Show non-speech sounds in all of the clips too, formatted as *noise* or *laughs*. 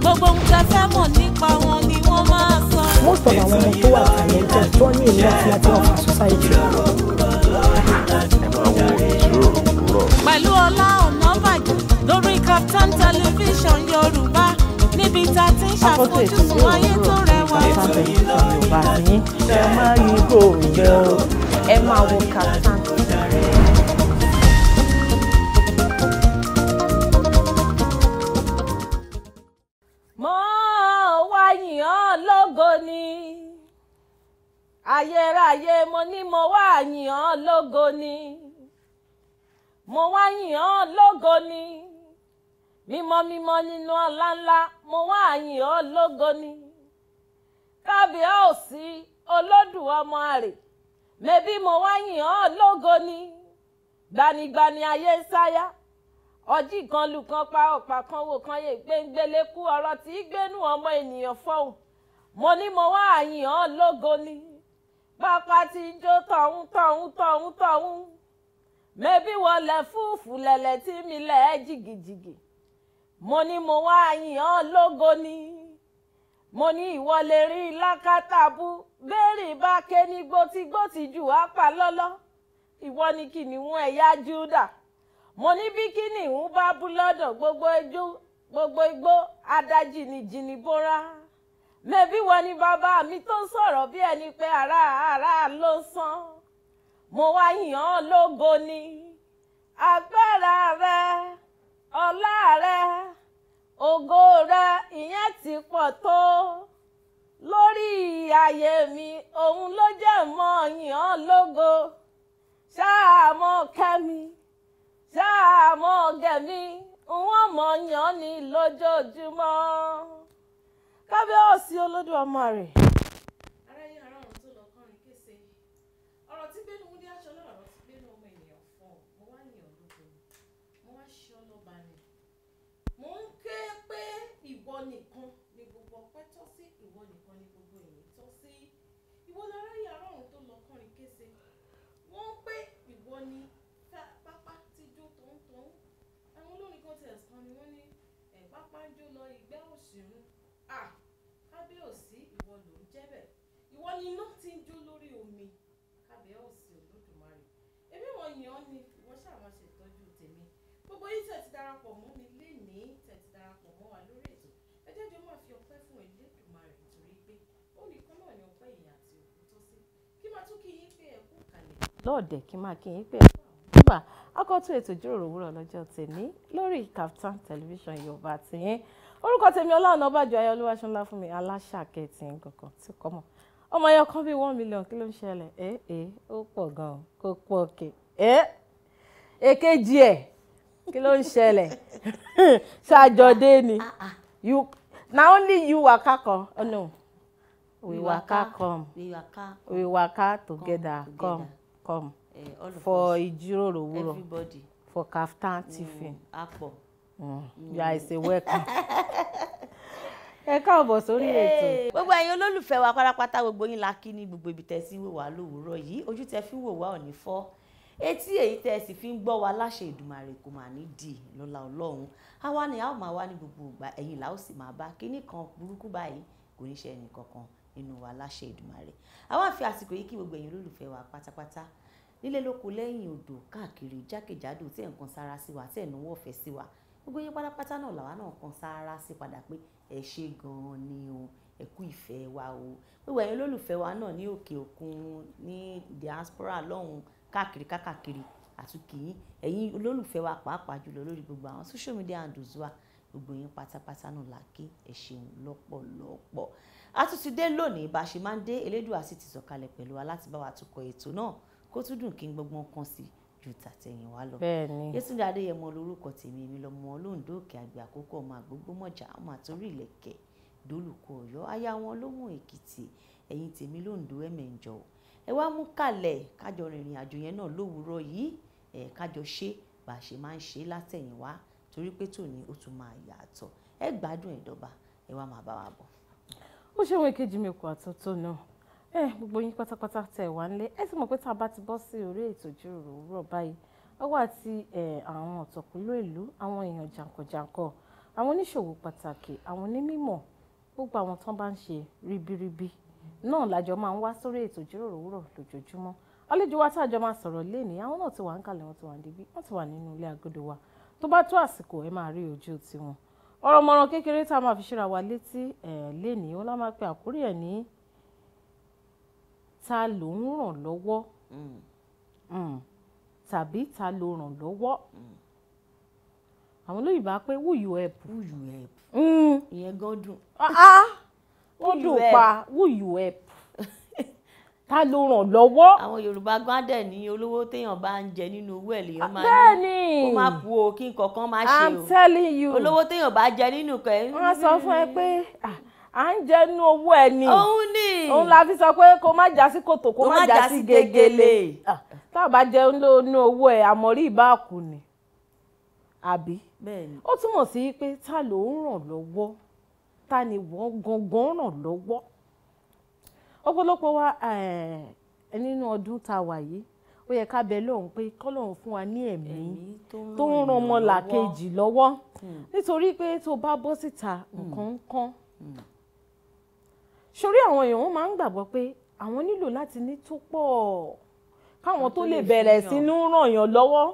gbogbo ohun tẹ́ fẹ́ mọ̀ nípa wọn ni wọ́n máa sọ. most of àwọn ọmọ tó wà talented tó ní ìlú àti àti ọ̀fà society. pẹ̀lú Ọlá Ọ̀nàbàjọ lórí Kaftan television Yorùbá níbi tá a ti ń ṣàfojúsùn ayé tó rẹwà. ẹ máa yí kò rẹ̀ o ẹ máa wo Kaftan. ayérayé mo ní mo wá yìn ọ́ lógo ni mo wá yìn lógo ni mímọ́ mímọ́ nínú ọlá ńlá mo wá yìn ọ́ lógo ni kábíọ́ọ̀sì Olódùmarè mẹ́bí mo wá yìn ọ́ lógo ni gbanigbani ayé ń sáyà ọjí kan lù kan pa ọ̀pá kan wò kan yẹ gbẹ̀ngbẹ̀lẹ́kú ọ̀rọ̀ tí gbẹ́nu ọmọ ènìyàn fọ́hùn mo ní mo wá yìn lógo ni pápá tí ń jó tọ̀hún tọ̀hún tọ̀hún tọ̀hún mẹ́bí wọlé fúùfù lẹ̀lẹ̀ tí mi lẹ̀ ẹ́ jìgìjìgì mo ní mo wá yìn án lógo ni mo ní ìwọ lè rí lákàtàbú bẹ́ẹ̀rì bá ké ní gbótígbótí jù á pa lọ́lọ́ ìwọ ni kìnìún ẹ̀yà Júdà mo ní bí kìnìún bá bú lọ́dọ̀ gbogbo igbó adájì ni jìnnìbóra mẹ̀bí wọn ni bàbá mi tó ń sọ̀rọ̀ bí ẹni pé ara ara ló sán mo wá yàn án lógo ni agbára rẹ ọlá rẹ ògo rẹ ìyẹn ti pọ̀ tó lórí ayé mi òun ló jẹ́ mọ́ yàn án lógo ṣáà kẹ́mi ṣáà gẹ̀mí n ó mọ̀ yàn ni lójoojúmọ́ kábíyèsí olódùmarè. ni iná ti ń jó lórí omi kábẹ́ òsì olódùmarè èmi wọn yàn án ni wọ́n ṣáà ṣètọ́jú tèmi gbogbo yìí tẹ̀ darapọ̀ mọ́ mi lénìí tẹ̀ darapọ̀ mọ́ wa lórí ètò ẹ jẹ́ jọ máa fi ọpẹ́ fún elédùmarè nítorí pé ó nìkan náà ni ọpẹ́ ìyìn àti òkú tó sí kí máa tún kí yín pé ẹ kú kàlẹ̀. lọ́ọ̀dẹ̀ kí máa kí yín pé akọ́tún ètò ìjíròrò òwúrọ̀ lọ́jọ́ tèmi lórí Kaftan television yorùbá tiyín orúkọ tèmi Ọlá Ọ̀nàbàjọ ayọ̀lúwa ṣọlá fún mi aláṣà kẹtì gangan tí kò ọmọ ẹyọ kan bíi one million kí ló ń ṣẹlẹ̀ ẹ eh, ẹ eh, ó pọ̀ gan-an kó pọ̀ òkè ẹ eh, èkejì ẹ̀ kí ló ń ṣẹlẹ̀ *laughs* ṣàjọdé ni ah, ah. you na only you waka come oh no we waka come we waka together come come for ìjíròrò òwúrọ̀ for Kaftan TV. Mm, mm. Mm. Yeah, it's a welcome. *laughs* ẹ káàbọ̀ sórí ètò. gbogbo ẹ̀yin olólùfẹ́ wa pátápátá gbogbo yín la kí ní gbogbo ibi tẹ́ sí wò wá lówùúrọ̀ yìí ojú tẹ́ fi wò wá ò fọ́ etí èyí tẹ́ sì fi ń gbọ́ wa láṣẹ Èdùmàrè kò mà ní dì lọ́la Ọlọ́run àwa ni a ó máa wá ní gbogbo ìgbà ẹ̀yin là ó sì máa bá kíní kan burúkú báyìí kò ní ṣe ẹnì kankan nínú wa láṣẹ Èdùmàrè àwa fi àsìkò yìí kí gbogbo ẹ̀yin olólùfẹ́ wa pátápátá nílé lóko lẹ́yìn odò káàkiri jákèjádò tẹ̀ ń kan sára sí wa tẹ̀ ń náwó ọ̀fẹ́ sí wa gbogbo yín pátápátá náà làwa náà kan sáárá sí padà pé ẹ ṣe gan-an ni o ẹ kú ìfẹ́ wa o wíwọ ẹ̀yin olólùfẹ́ wa náà ní òkè òkun ní diaspora lọ́hùn káàkiri káàkiri àtúkìyín ẹ̀yin olólùfẹ́ wa pàápàá jùlọ lórí gbogbo àwọn social media handles wa gbogbo yín pátápátá náà la ké ẹ ṣeun lọ́pọ̀lọpọ̀ a tún ti dé lónìí bá a ṣe máa ń dé elédùà sì ti sọ̀kalẹ̀ pẹ̀lú wa láti bá wa tukọ̀ ètò náà kó tún dùn kí n gbọ́gbọ́n kan sí i ju tàtẹ̀yìnwá lọ Yétúndé Adéyẹmọ lórúkọ tèmi èmi lọmọ olóńdó òkè àgbà àkókò ọmọ Àgbógbómọjà ọmọ àtórí ìlẹ̀kẹ̀ dólùkọ Ọ̀yọ́ aya wọn lóhùn Èkìtì ẹ̀yin tèmi lóńdó ẹmẹǹjọ ẹ wá mú kalẹ̀ kájọ rìnrìn àjò yẹn náà lówùúrọ̀ yìí ẹ kájọ ṣe bá a ṣe máa ń ṣe látẹ̀yìnwá torí pé tòní ó tún máa yàtọ̀ ẹ gbádùn ẹdọba ẹ wá máa bá wa bọ̀. ó ṣe wọn èkejì mi kò àtúntò náà ẹ eh, gbogbo yín pátápátá tẹ́ wà nílé ẹ ti mọ̀ pé tá a bá ti bọ́ sí orí ètò ìjíròrò òwúrọ̀ báyìí ọwọ́ àti eh, àwọn ọ̀tọ̀kùlú ìlú àwọn èèyàn jàǹkànjàǹkàn àwọn oníṣòwò pàtàkì àwọn onímọ̀ gbogbo àwọn tán bá ń ṣe ribiribi náà làjọ máa ń wá sórí ètò ìjíròrò òwúrọ̀ lójoojúmọ́ àlejò wa tá a jọ máa sọ̀rọ̀ léèní àwọn náà ti wà ń kalẹ̀ wọn ti wà ń dibí wọn ti wà nínú ilé agodo wa tó bá tó àsìkò ẹ máa rí ojú tiwọn ọ̀rọ̀ mọ̀ràn kékeré tá a máa fi ṣíra wa létí eh, léèní wọn lá máa pe àkórí ẹ̀ ní ta ló ń ràn lọ́wọ́ mm. Mm. tàbí ta ló ràn lọ́wọ́ mm. àwọn olóyìnbá pé who you help. who you help. ìyẹn gan dùn. Ah, ah. ó dùn pa who you help ta ló ràn lọ́wọ́. àwọn yorùbá gbádẹ̀ ní olówó téèyàn bá ń jẹ nínú owó ẹ̀ lèèyàn máa ah, ní bẹ́ẹ̀ni ó máa bu o kí nǹkan kan máa ṣe o I'm telling you olówó téèyàn bá jẹ nínú kẹ́. wọ́n sọ fún ẹ mm-hmm. pé ah à ń jẹnu owó ẹ ni òun ni òun la fi sọ pé kó má já sí kòtò kó má já sí gegele tá a bá jẹun lónú owó ẹ àmọ́rí ìbá kù ni àbí ó túmọ̀ sí pé ta ló ń ràn lọ́wọ́ ta ni wọ́n gangan ràn lọ́wọ́ ọ̀pọ̀lọpọ̀ wa eh, nínú ọdún tá a wà yìí ó yẹ ká bẹ lóhùn pé kọ́lọ́hún fún wa ní ẹ̀mí tó ń ran ọmọlàkejì lọ́wọ́ hmm. nítorí pé tó bá bọ́ síta hmm. nǹkan ń kán. Mm sórí àwọn èèyàn wọn máa ń gbàgbọ́ pé àwọn nílò láti ní tó pọ̀ káwọn tó lè bẹ̀rẹ̀ sí ní ràn yàn lọ́wọ́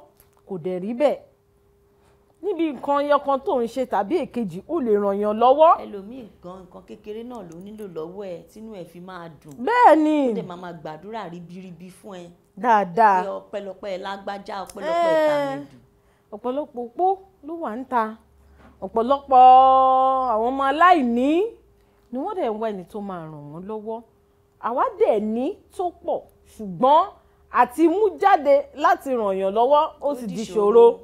kò dẹ̀ rí bẹ́ẹ̀ níbi nǹkan ẹyọkan tó ń ṣe tàbí èkejì ó lè ràn yàn lọ́wọ́. ẹlòmíì gan nǹkan kékeré náà ló nílò lọ́wọ́ ẹ tínú ẹ fi máa dùn. bẹ́ẹ̀ ni ó dẹ̀ máa máa gbàdúrà ríbiríbi fún ẹ. dáadáa pé ọpẹ́lọpẹ́ lágbájá ọpẹ́lọpẹ́ tàmídù. ọ̀pọ̀lọpọ̀ opó ló wà ń ta ọ̀pọ̀lọpọ̀ àwọn ọmọ aláìní ni wọ́n dẹ̀ ń wá ẹni tó máa ràn wọ́n lọ́wọ́ àwa dẹ̀ ní tó pọ̀ ṣùgbọ́n àti mú jáde láti ràn yàn lọ́wọ́ ó sì di ṣòro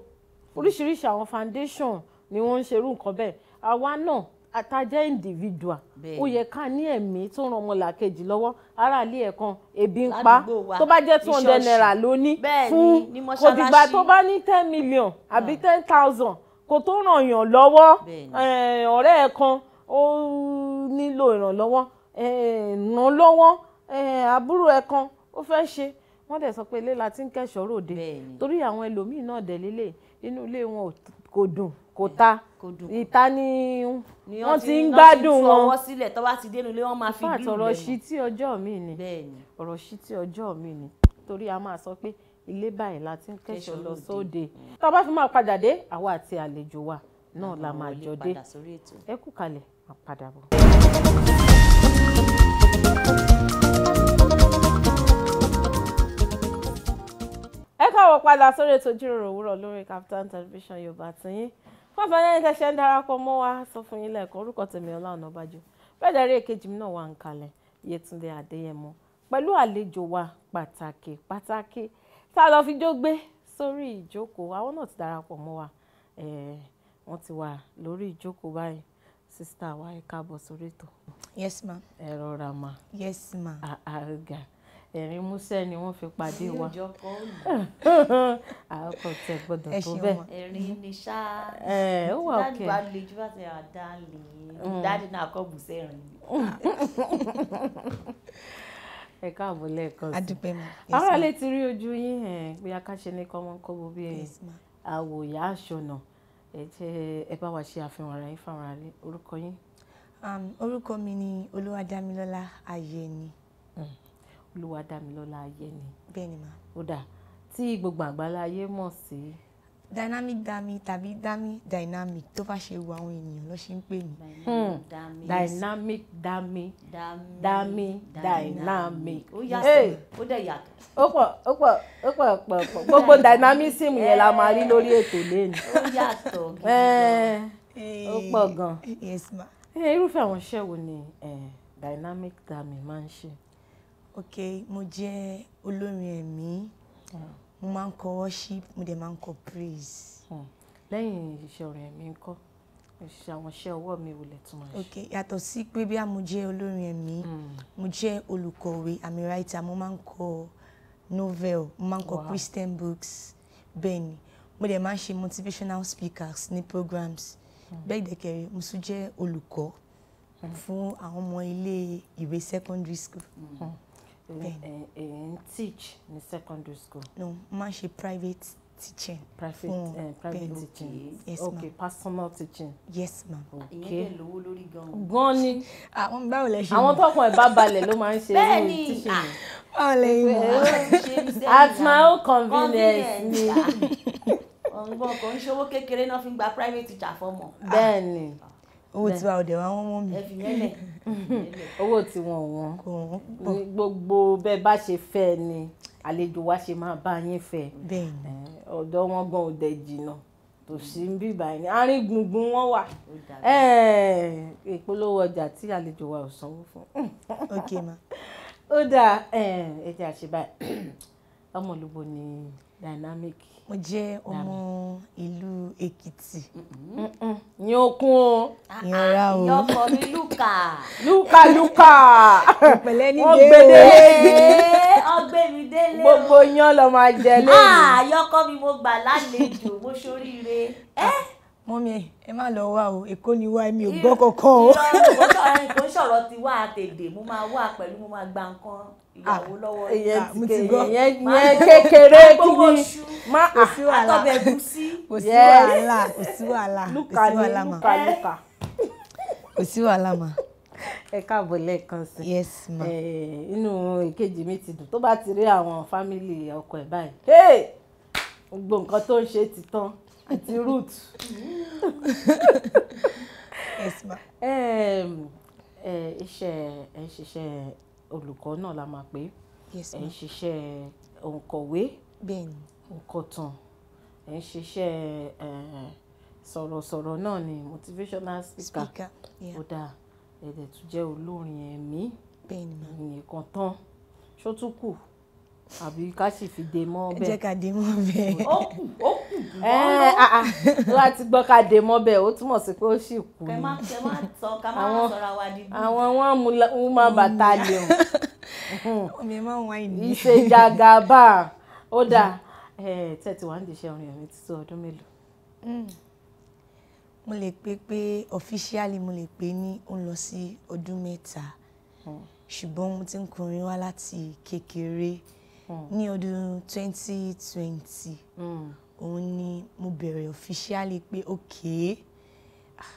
oríṣiríṣi àwọn foundation ni wọ́n ń ṣerú nǹkan bẹ́ẹ̀ àwa náà àtàjẹ́ individual ó yẹ ká ní ẹ̀mí tó ràn ọmọlàkejì lọ́wọ́ aráàlú ẹ̀ kan ebi ń pa tó bá jẹ́ two hundred naira ló fún kò tó bá ní ten million àbí ah. ten thousand kò tó ràn yàn lọ́wọ́ ọ̀rẹ́ ẹ̀ kan ó nílò ìrànlọ́wọ́ ràn lọ́wọ́ àbúrò ẹ̀ kan ó fẹ́ ṣe wọ́n dẹ̀ sọ pé ilé la ti ń kẹ́ṣọ̀ọ́ ròde torí àwọn ẹlòmíín náà dẹ̀ lélẹ̀ inú ilé wọn kò dùn kò ta ìta ni wọ́n ti ń gbádùn wọn wọ́n sílẹ̀ tó bá ti dénú ilé wọ́n máa fi bí ọ̀rọ̀ sí tí ọjọ́ mi ni ọ̀rọ̀ sí tí ọjọ́ mi ni torí a máa sọ pé ilé báyìí la ti ń kẹ́ṣọ̀ọ́ lọ sóde mm. tá a bá fi máa padà dé àwa àti àlejò wa náà la máa jọ dé ẹ kú kalẹ̀ a padà bọ̀. ẹ káwọ padà sórí ètò ìjíròrò òwúrọ̀ lórí Kaftan television yorùbá tiyín fún àfẹnẹ ní tẹsẹ ń darapọ̀ mọ́ wa sọ fún yín lẹ́ẹ̀kan orúkọ tèmi Ọlá Ọ̀nàbàjọ bẹ́ẹ̀ darí èkejì mi náà wà ń kalẹ̀ Yétúndé Adéyẹmọ pẹ̀lú àlejò wa pàtàkì pàtàkì tá a lọ fi jó gbé sórí ìjókòó àwọn náà ti darapọ̀ mọ́ wa wọ́n ti wà lórí ìjókòó báyìí sista wa ẹ káàbọ̀ sórí ètò. yes ma. ẹ rọra ma. yes ma. àgà ẹ̀rín músẹ́ ni wọ́n fi pàdé wa. sí òjò kan ó àkọ tẹ gbọ́dọ̀ tó bẹ́ẹ̀. ẹ̀rín ni ṣáá. ẹ ó wà òkè. dáàdì bá lè ju bá ti rà dáàlì dáàdì náà kọ́ bùsẹ̀ rìn. *laughs* ẹ káàbọ̀ lẹ́ẹ̀kan sí. adúpẹ́ mi. ara lè ti rí ojú yín bóyá ká ṣe ní kọ́mọ́kọ́bó bí àwòyá aṣọ náà ẹ jẹ́ ẹ bá wa ṣe àfihàn ara yín fáwọn ará orúkọ yín. Um, orúkọ mi ni olúwadámilọ́lá ayẹni. Hmm. olúwadámilọ́lá ayẹni. bẹ́ẹ̀ ni mà. ó dà tí gbogbo àgbáláyé mọ̀ sí dynamic dami tàbí dami dynamic tó bá ṣe wu àwọn ènìyàn ló ṣe ń pè mí. dynamic hmm. dami dami dynamic. ó yàtọ̀ ó dẹ̀ yàtọ̀. ó pọ̀ ó pọ̀ ó pọ̀ pọ̀ gbogbo dynamism yẹn la máa rí lórí ètò lẹ́nu. ó yàtọ̀ gidi eh. ó pọ̀ gan. yes ma. Eh, irúfẹ́ àwọn iṣẹ́ wo ni eh, dynamic dami máa ń ṣe. ok mo jẹ́ olórin ẹ̀mí. Hmm mo máa ń kọ worship mo dẹ̀ máa ń kọ praise. Hmm. lẹ́yìn iṣẹ́ orin ẹ̀mí ń kọ́ àwọn iṣẹ́ ọwọ́ mi wò lẹ̀ tún máa ṣe. ok yàtọ̀ sí pé bí a mo jẹ́ olórin ẹ̀mí hmm. mo jẹ́ olùkọ̀wé àmì writer mo máa ń kọ novel mo máa ń kọ christian books bẹ́ẹ̀ ni mo dẹ̀ máa ń ṣe motivational speakers ní programs hmm. bẹ́ẹ̀ dẹ̀kẹ̀rẹ̀ mo tún jẹ́ olùkọ́ fún àwọn ọmọ ilé ìwé secondary school ẹ ń eh, eh, teach ní secondary school. no máa ń ṣe private teaching. private uh, private ben, teaching. yes okay, ma okay personal teaching. yes ma'am. okay ìyẹn dẹ̀ lówó lórí gan I want to àwọn báwo lẹ ṣe. àwọn tọkàn teaching. Ah, báwo lẹ at my own convenience ni. Ah. *laughs* ọ̀nbọ̀n kò ń ṣòwò kékeré náà fi gba private teacher fọmọ. bẹ́ẹ̀ ni. owó tiwa ọ̀dẹ̀ wa wọ́n mọ́ mi. ẹ fi yẹn *laughs* owó tiwọn wọn gbogbo bẹ́ẹ̀ bá ṣe fẹ́ ni àlejò wa ṣe máa bá yín fẹ́ ọ̀dọ̀ wọn gan òde jìnnà kò sí ń bí báyìí àárín gbùngbùn wọn wà ìpolówó ọjà tí àlejò wa ò sanwó fún. *laughs* ok ma. ó dáa ẹ jẹ́ àṣebáyé *clears throat* ọmọlúbo ni dynamic mo jẹ́ ọmọ ìlú Èkìtì. ní okun o. ìyànra o. ìyọkọ mi lùkà. lùkà lùkà. ìpẹ̀lẹ́ ní gbèrè. ọgbẹ́ délé o. gbogbo yan lọ máa jẹ lẹ́yìn. àyọkọ mi mo gbà lálejò mo ṣoríire. mọ́mí ẹ má lọ wá o èkó ni wá mi ò gbọ́ kankan o. ìrọ̀rùn kò sọ̀rọ̀ ti wá àtẹ̀dẹ̀ mo máa wá pẹ̀lú mo máa gba nǹkan ìyàwó ah, lọ́wọ́ ìyẹn kékeré kí *laughs* má ah, àtọ̀bẹ̀ kú kò sí wàhálà kò sí wàhálà kò sí wàhálà mà kò sí wàhálà mà. ẹ káàbọ̀ lẹ́ẹ̀kan sí yes ma eh, inú ìkejì mi ti dùn tó bá ti rí àwọn fámìlì ọkọ ẹ̀ báyìí gbogbo nǹkan tó ń ṣe ti tán àti root. *laughs* yes ma. Eh, iṣẹ́ ẹ̀ ń olùkọ́ náà la máa pè é ẹ̀ ń ṣiṣẹ́ òǹkọ̀wé òǹkọ̀tàn ẹ̀ ń ṣiṣẹ́ sọ̀rọ̀sọ̀rọ̀ náà ni motivational speaker ó dáa ẹ̀dẹ̀ tún jẹ́ olórin ẹ̀mí ìyẹn kan tán ṣó tún kù àbí ká sì fi dè mọ́ bẹ́ẹ̀. ẹ ká dè mọ́ bẹ́ẹ̀. ó kù ó kù bọ́ọ̀lù. láti gbọ́ ká dè mọ́ bẹ́ẹ̀ ó túmọ̀ sí pé ó sì kù. kẹ má kẹ má tọ ká má sọra wa di bí. àwọn wọn mú má bàtà lè hàn. omi máa ń ó dà tẹ́tí wàá ń dìṣẹ́ orin ẹ̀mí títí ọdún mélòó. Hmm. mo lè pè pé officially mo lè pè ní ó ń lọ sí ọdún mẹ́ta hmm. ṣùgbọ́n mo ti ń kọrin wá láti kékeré. Mm Mm. ní ọdún twenty twenty mm. òun ni mo bẹ̀rẹ̀ officially pé okay ah,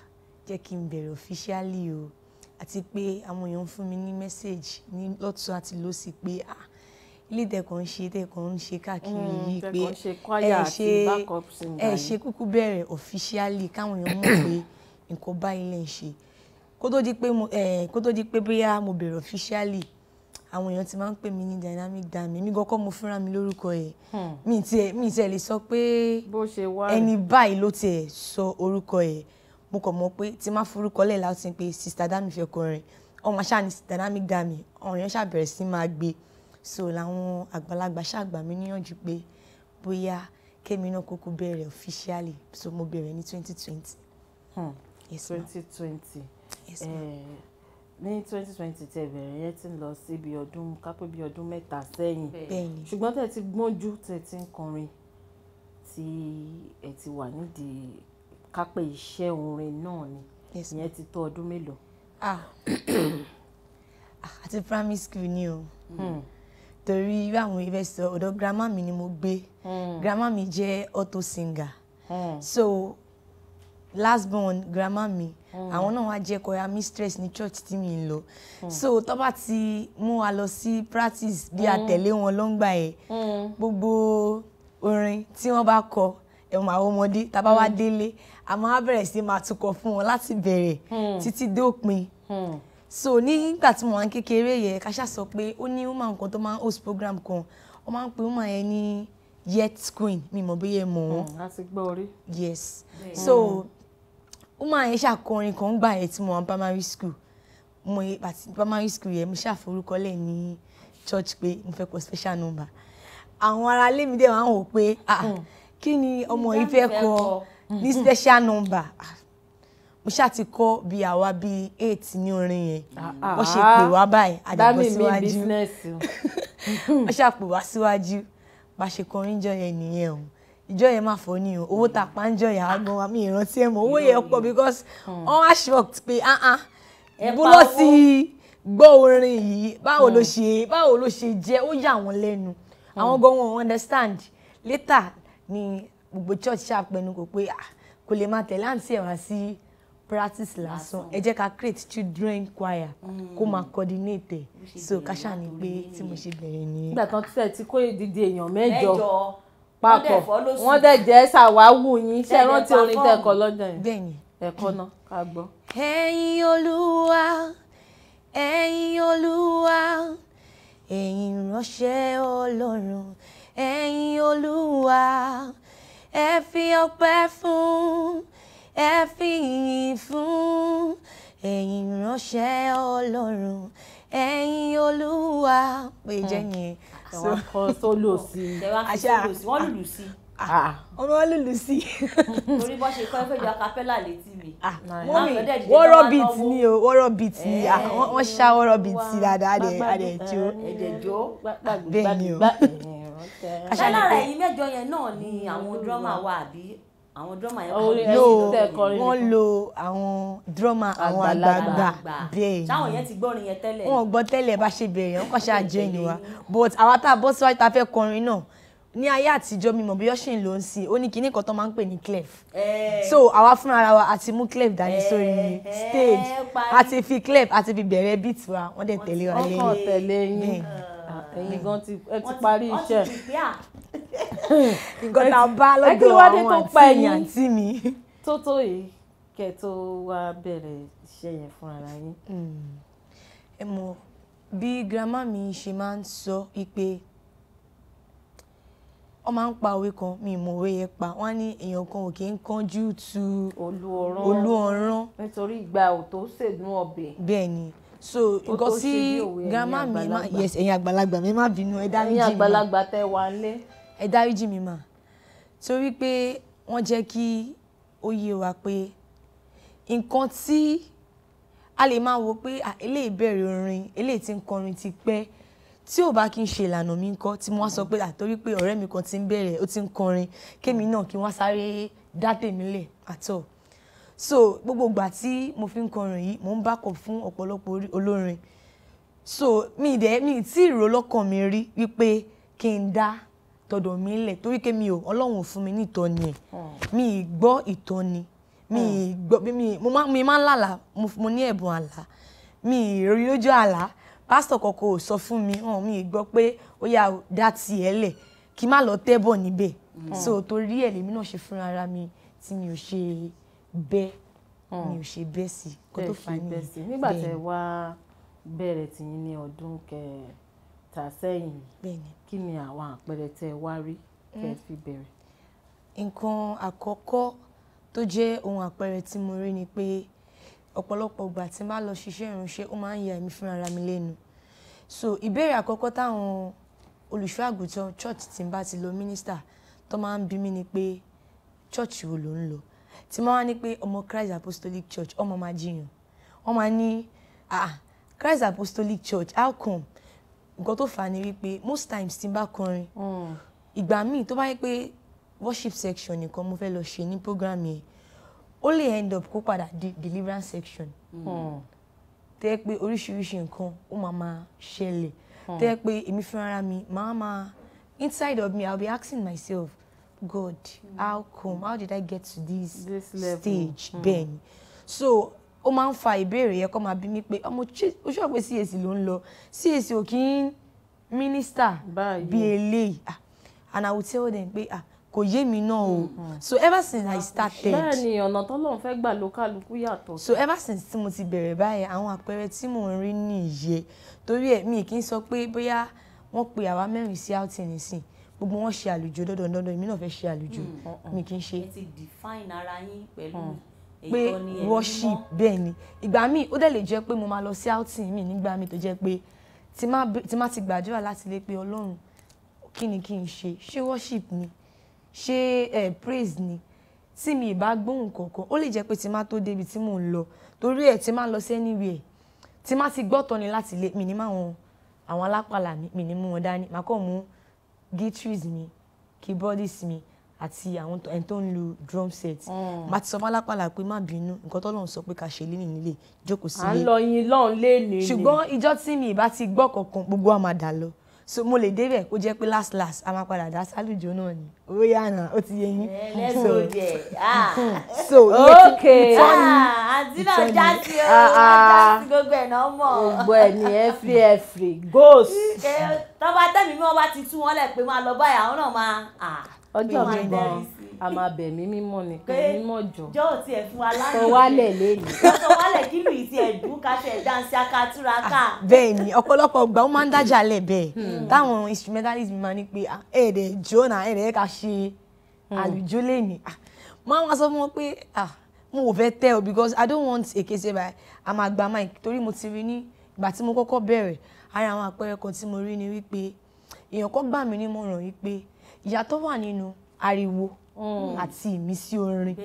jẹ́ kí n bẹ̀rẹ̀ officially o àti pé àwọn èèyàn fún mi ní message ní lọ́tún àti lọ́sì pé ah ilé ìtẹ̀kọ̀ ń ṣe ìtẹ̀kọ̀ ń ṣe káàkiri mm, yìí pé ẹ ṣe ẹ ṣe kúkú bẹ̀rẹ̀ officially káwọn èèyàn mọ̀ pé nǹkan báyìí lè ń ṣe kó tó di pé bóyá mo bẹ̀rẹ̀ officially àwọn èèyàn ti máa ń pè mí ní dynamic dami mi gọ́kọ́ mo fúnra mi lórúkọ ẹ̀ hmm. mi tiẹ̀ mi tiẹ̀ lè sọ pé ẹni báyìí ló tiẹ̀ sọ orúkọ ẹ̀ mo kàn mọ̀ pé tí máa forúkọ lẹ̀ láti pé sista dami fẹ́ kọrin ọmọ ṣáà ní dynamic dami ọ̀rọ̀ yẹn ṣáà bẹ̀rẹ̀ sí máa gbé so làwọn àgbàlagbà ṣàgbà mi níyànjú pé bóyá kémi náà kúkú bẹ̀rẹ̀ officially so mo bẹ̀rẹ̀ ní twenty twenty. Hmm. twenty twenty ní twenty twenty tẹ bẹ̀rẹ̀ yẹn ti ń lọ síbi ọdún kápẹ́ bíi ọdún mẹ́ta sẹ́yìn ṣùgbọ́n tẹ̀ ti gbọ́njú tẹ̀ ti ń kọrin tí ẹ ti wà nídìí kápẹ́ iṣẹ́ orin náà ni ìyẹn ti tó ọdún mélòó. Ah. Ah, àti primary school ni o hmm. torí irú àwọn ìfẹ́ sọ ọ̀dọ̀ grandma mi ni mo gbé hmm. grandma mi jẹ́ auto singer hmm. so last born grandma mi. Mm Mm. àwọn náà wá jẹ́ kọ́ra mistress ní church tí mi ń lọ mm. so tó bá ti mú wa lọ sí practice bí a mm. tẹ̀lé wọn lọ́ngbà yẹn gbogbo orin tí wọ́n bá kọ ẹ̀wọ̀n àwọn ọmọdé tá a bá wá délé a máa bẹ̀rẹ̀ sí máa tukọ̀ fún wọn láti bẹ̀rẹ̀ títí dópin so nígbà tí mo wà kékeré yẹn kásá sọ pé ó ní woman kan tó máa ń host program kan wọ́n máa ń pe woman yẹn ní yet queen mi mọ̀ bí yẹn mọ̀ wọ́n. láti gbọ́ orí. yes so. Mm ó máa yẹn ṣàkọrin kan gbà yẹn tí mo wà primary school mo àti primary school yẹn mo ṣàforúkọlẹ̀ ní church pé mo fẹ́ kọ special number àwọn ará ilé mi dẹ̀ máa ń wò pé ah, hmm. kí ni ọmọ yìí fẹ́ kọ ní special number ah, mo ṣáà ti àwa bíi eight ní orin yẹn ah, wọ́n ṣe pè wá báyìí àdìbò síwájú *laughs* wọ́n ṣàpè wá síwájú bá ṣe kọrin jọ yẹn nìyẹn o ìjọ yẹn máa fọ ni o owó tá a pa ń jọ yà á gan wa mi ìrántí ẹ mọ owó yẹn pọ̀ because hmm. wọn wá shocked pé ah ah búlọ́ọ̀sì gbọ́ orin yìí báwo ló hmm. ṣe báwo ló ṣe jẹ́ ó yà wọ́n lẹ́nu àwọn hmm. gan wọn understand later ni gbogbo church ṣàpẹnu kò pé ah kò lè máa tẹ̀lé àǹtí ẹ̀ wá sí practice lásán ẹ jẹ́ ká create children choir kó máa coordinate so káṣá ni pé tí mo ṣe bẹ̀rẹ̀ nìyẹn. nígbà kan tí ẹ ti kó ìdíje èèyàn mẹ́jọ. mẹ́jọ papọ̀ wọ́n dẹ̀ jẹ́ ṣàwáwù yín ṣe rántí orin tẹ̀kọ́ lọ́dọ̀ yẹn ẹ̀kọ́ náà ká gbọ́. ẹ̀yin olúwa ẹ̀yin olúwa ẹ̀yin ránṣẹ́ ọlọ́run ẹ̀yin olúwa ẹ fi ọpẹ́ fún ẹ fi ìyìn fún ẹ̀yin ránṣẹ́ ọlọ́run ẹ̀yin olúwa pé jẹ́ hmm wọ́n kọ́ sólò sí *laughs* i wọ́n lùlù sí i ah, ah. ọmọ wọn lùlù sí. *laughs* torí bọ́ ṣe kọ́ ẹ fẹ́ ju acapella létí mi. Ah, mọ́mí wọ́rọ̀ beat ni o wọ́rọ̀ beat ni wọ́n ṣá wọ́rọ̀ beat sí dáadáa adẹ̀ adẹ̀ jó. ẹ̀jẹ̀ jó bẹ́ẹ̀ ni o. ṣé lára ẹ̀yin mẹ́jọ yẹn náà ni mm. àwọn dírámà wà àbí àwọn drama yẹn kọ lórí wọn lo àwọn drama àwọn àgbààgbà bẹ́ẹ̀ sáwọn yẹn ti gbọ́rin yẹn tẹ́lẹ̀ wọn gbọ́ tẹ́lẹ̀ bá ṣe bẹ̀rẹ̀ wọn kàn ṣe àjẹ ìnìwá but àwa tá a bọ́ síwájú tá a fẹ́ kọrin náà ní ayé àtijọ́ mi mọ̀ bí yọ́ṣì ń lò ó sí ó ní kinní kan tó máa ń pè ní clef eh. so àwa fúnra wa àti mú clef dání eh, sórí eh, stage àti fi clef àti fi bẹ̀rẹ̀ beat wa wọ́n dẹ̀ tẹ̀lé wa lẹ́yìn ọkàn tẹ̀lé yín ah, ẹ̀yin gan ti parí iṣẹ́ nǹkan *laughs* tá a bá lọ́dọ̀ àwọn àǹtí mi àǹtí mi. tó tó yìí kẹ́ tó wá bẹ̀rẹ̀ iṣẹ́ yẹn fúnra yín. Hmm. ẹ mọ̀ bí grandma mi ṣe máa ń sọ pé wọ́n máa ń pa òwe kan mi ìmọ̀ òwe yẹn pa wọ́n á ní èèyàn kan ò kí ń kánjú tu olú ọ̀rán nítorí ìgbà ò tó ṣèdún ọbẹ̀. bẹ́ẹ̀ ni so nǹkan tí grandma mi yes ẹ̀yin àgbàlagbà mi má bínú ẹ dá mi jì mí. ẹ̀yin àgbàlagbà tẹ wà lé ẹ dáríjì mi mà torí pé wọ́n jẹ́ kí ó yé wa pé nǹkan tí a lè máa wò pé eléyìí bẹ̀rẹ̀ orin eléyìí tí ń kọrin ti pẹ́ tí ò bá kí n ṣe ìlànà mi ńkọ́ tí mo wá sọ pé àtọ́rí pé ọ̀rẹ́ mi kan ti ń bẹ̀rẹ̀ ó ti ń kọrin kémi náà kí wọ́n sáré dá tèmi àtọ̀ so gbogbo ìgbà tí mo fi ń kọrin yìí mò ń bákọ̀ fún ọ̀pọ̀lọpọ̀ olórin so mi ì dẹ́ mi ì tí ì rò lọ́kàn mi rí wípé kí n dá tọ̀dọ̀ mi lẹ̀ torí pé mi ò ọlọ́run fún mi ní ìtọ́ni ẹ̀ mi ì gbọ́ ìtọ́ni mi ì gbọ́ mi mo máa mi máa ń lálà mo ní ẹ̀bùn àlá mi ì rí lójú àlá pásítọ̀ kọ̀ọ̀kan ò sọ fún mi hàn mi ì gbọ́ pé ó yà dá tiẹ̀ lẹ̀ kí má lọ tẹ́bọ̀ níbẹ̀ so torí ẹ̀ lèmi náà ṣe fúnra ara mi tí mi ò ṣe bẹ́ẹ̀ mi ò ṣe bẹ́ẹ̀ sí kó tó fi mí bẹ́ẹ̀ nígbà tẹ wá bẹ̀rẹ̀ tìyín ní ọdún kẹrin ta sẹ́yìn kí ni àwọn àpẹẹrẹ tẹ wá rí kẹ́ ẹ hmm. fi bẹ̀rẹ̀. nǹkan àkọ́kọ́ tó jẹ́ ohun àpẹẹrẹ tí mo rí ni pé ọ̀pọ̀lọpọ̀ ìgbà tí n lọ ṣiṣẹ́ ìránṣẹ́ ó máa ń ya èmi fúnra ara mi lẹ́nu so ìbéèrè àkọ́kọ́ táwọn olùṣọ́ àgùntàn church tí n bá ti lọ mínísítà tó máa ń bí mi ni pé church wo ló ń lọ tí máa wá ní pé ọmọ Christ Apostolic Church ọmọ máa jiyàn wọ́n máa ní ah Christ Apostolic Church how come nǹkan tó fà á ni wípé most times tí n bá kọrin mm. ìgbà míì tó bá yẹ pé worship section nìkan mo fẹ́ lọ ṣe ní program yẹn ó lè end up kó padà di deliverance section mm. tẹ́ pé oríṣiríṣi nǹkan ó máa máa ṣẹlẹ̀ tẹ́ mm. pé èmi fúnra mi máa máa inside of me I'll be asking myself God how come how did I get to this, this stage mm. bẹ́ẹ̀ ni so ó máa ń fa ìbéèrè yẹn kó máa bí mi pé ọmọ ó ṣọ́ pé CAC ló ń lọ CAC ò kí ń mínísítà bí eléyìí ah, and I will tell them pé ah kò yé mi náà o mm-hmm. so ever since I started. bẹ́ẹ̀ ni ọ̀nà tọ́lọ́run fẹ́ gbà ló kálukú yàtọ̀. so ever since tí mo ti bẹ̀rẹ̀ báyìí àwọn àpẹẹrẹ tí mò ń rí nìyẹn torí ẹ̀ mi kì í sọ pé bóyá wọ́n pe àwa mẹ́rin sí outing nísìn gbogbo wọn ṣe àlùjọ dandan dandan èmi náà fẹ́ ṣe àlùjọ mm, mi kì í ṣe. ẹ ti define ara yín pẹ̀lú mm pé worship bẹ́ẹ̀ ni ìgbà míì ó dẹ̀ lè jẹ́ pé mo máa lọ sí outing mi nígbà míì tó jẹ́ pé tí má ti gbàdúrà láti lé pé ọlọ́run kí ni kí n ṣe ṣé worship ni ṣé praise ni tí mi ì bá gbóhùn kankan ó lè jẹ́ pé tí má tó débi tí mò ń lọ torí ẹ̀ tí má lọ sí anywhere tí má ti gbọ́ tọ́ni láti lé mi ní má wọn àwọn alápàlà mi ní mú wọn dání màá kàn mú guitars mi keyboardist mi àti àwọn ẹni tó ń lu drum set má mm. ti sọ fún alápàlà pé má bínú nǹkan tó lọ́n sọ pé ká ṣe lé nìyí lè jókòó sílé à ń lọ yin lọ́n lé nìyí ṣùgbọ́n ìjọ tí mi ìbá ti gbọ́ kankan gbogbo wa máa dà lọ so mo lè débẹ̀ kó jẹ́ pé last last a máa padà dá sálùjọ náà ni ó yà nà ó ti yẹ yín. Eh, ah. *laughs* so so iye ah, ìtọ́ ah, àǹtí náà já sí o ah, ah. já sí gbogbo ẹ̀ náà mọ̀. gbogbo ẹ̀ ní every every goes. Eh, tọ́ba tẹ̀mí mi wọ́n bá ti tú wọn lẹ̀ pé máa lọ báyìí àwọn náà máa ọjọ́ mi gan a máa bẹ̀ mí mímọ́ ni pé mímọ́ jọ jọ́ ò tiẹ̀ fún wa láyé sọ wálẹ̀ lẹ́yìn sọ wálẹ̀ kí lù yìí tiẹ̀ dùn ká tiẹ̀ dáńsí akátúra ká. Ah, bẹ́ẹ̀ ni ọ̀pọ̀lọpọ̀ ọgbà ó máa ń dájà lẹ̀ bẹ́ẹ̀ hmm. táwọn instrumentalist máa ní pé ah, ẹ̀ẹ́dẹ̀ jọ́nà ẹ̀ẹ́dẹ̀ ká ṣe hmm. àlùjọ lẹ́yìn ah, máa wá sọ fún wọn pé mo ò fẹ́ tẹ́ o because I don't want èké ṣe báyìí a máa gba mic torí mo ti rí ní ìgbà tí mo kọ́kọ́ bẹ̀rẹ̀ ara àwọn àpẹẹrẹ kan tí mo rí ni wípé èèyàn kan gbà mí nímọ̀ràn wípé ìyàtọ̀ wà nínú ariwo mm. àti ìmísí orin